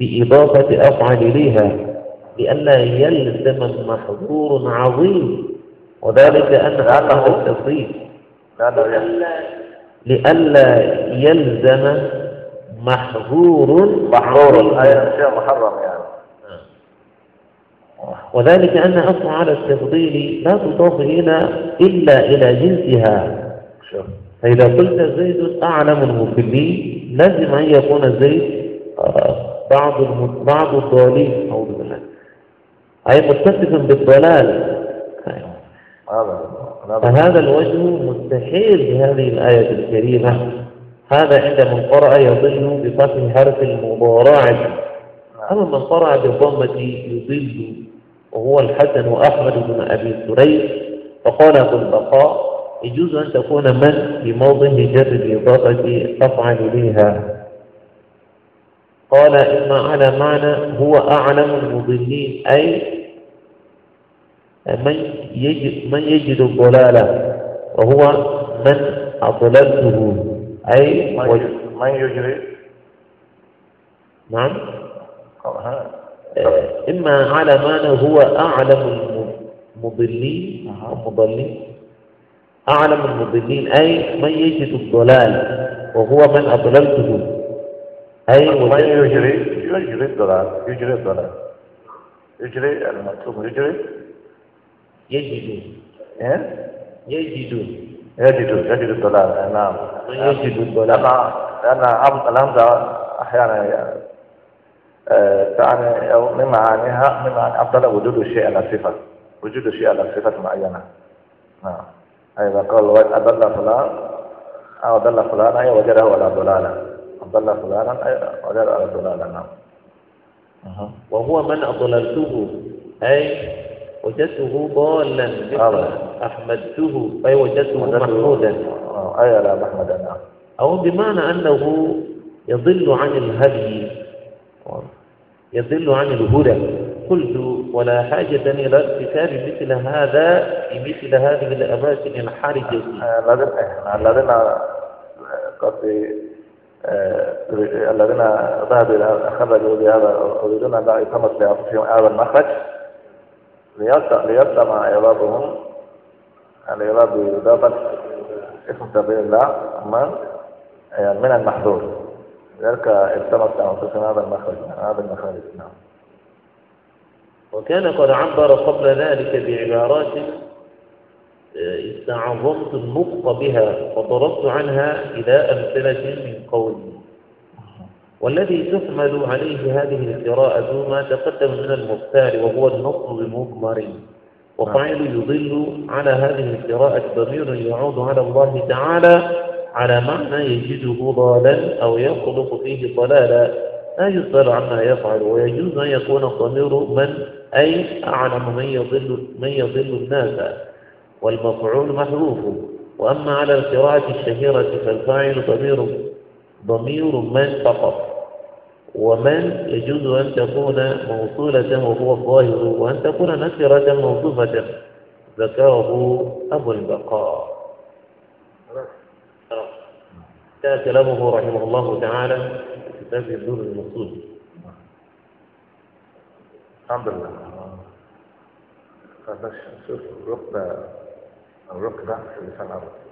بإضافة أفعل إليها لأن يلزم محظور عظيم وذلك أن عقب التصريف لألا يلزم محظور محظور أي شيء محرم يعني وذلك أن أصل على التفضيل لا تضاف إلى إلا إلى جنسها فإذا قلت زيد أعلم المكلين لازم أن يكون زيد آه، بعض بعض الضالين أعوذ بالله أي متصفا بالضلال فهذا الوجه مستحيل بهذه الآية الكريمة هذا عند من قرأ يضل بفتح حرف المضارعة أما من قرأ بالضمة يضل وهو الحسن أحمد بن أبي سريج فقال أبو البقاء يجوز أن تكون من في موضع جر الإضافة أفعل بها قال إما على معنى هو أعلم المضلين أي من يجد, من يجد الضلالة وهو من أضللته أي من يجري نعم إما على معنى هو أعلم المضلين مضلين أعلم المضلين أي من يجد الضلال وهو من أضللته أي من يجري يجري الضلال يجري الضلال يجري المطلوب يجري يجد إيه؟ يجد يجد يجد الضلال نعم يجد الضلال لأن الهمزة أحيانا آه، تعني أو من معانيها من معاني أفضل وجود الشيء على صفة وجود الشيء على صفة معينة نعم أيضا قال أضل فلان أو أضل فلان أي وجده على ضلالة أضل فلانا أي وجده على ضلالة نعم وهو من أضللته أي وجدته ضالا مثل آه. أحمدته أي وجدته محمودا آه، أي لا محمدا نعم أو بمعنى أنه يضل عن الهدي يضل عن الهدى قلت ولا حاجة إلى اكتساب مثل هذا في مثل هذه الأماكن الحرجة الذين قد الذين ذهبوا إلى خرجوا بهذا يريدون أن يتمس لأنفسهم هذا المخرج ليرسم عرابهم العراب إضافة اسم سبيل الله من من المحظور لذلك التمس لأنفسهم هذا المخرج هذا المخرج نعم وكان قد عبر قبل ذلك بعبارات آه، استعظمت النطق بها وضربت عنها إلى أمثلة من قولي والذي تحمل عليه هذه القراءة ما تقدم من المختار وهو النطق بمضمر وفعل يضل على هذه القراءة ضمير يعود على الله تعالى على معنى يجده ضالا أو يخلق فيه ضلالا لا يسأل عما يفعل ويجوز أن يكون ضمير من أي أعلم من يضل, من يضل الناس والمفعول محروف وأما على القراءة الشهيرة فالفاعل ضمير ضمير من فقط ومن يجوز أن تكون موصولة وهو الظاهر وأن تكون نكرة موصوفة ذكره أبو البقاء كان كلامه رحمه الله تعالى باب النور المقصود الحمد لله هذا شوف الركبة الركبة في اللسان العربي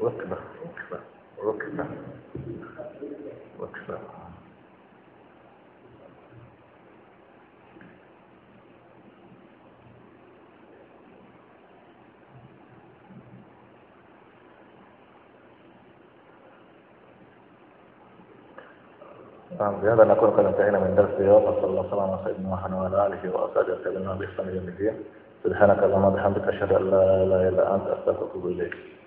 ركبة ركبة ركبة ركبة نعم، بهذا نكون قد انتهينا من درس اليوم وصلى الله وسلم على سيدنا محمد وعلى اله واصحابه وسلم باحسان يوم الدين سبحانك اللهم وبحمدك اشهد ان لا اله الا انت استغفرك واتوب اليك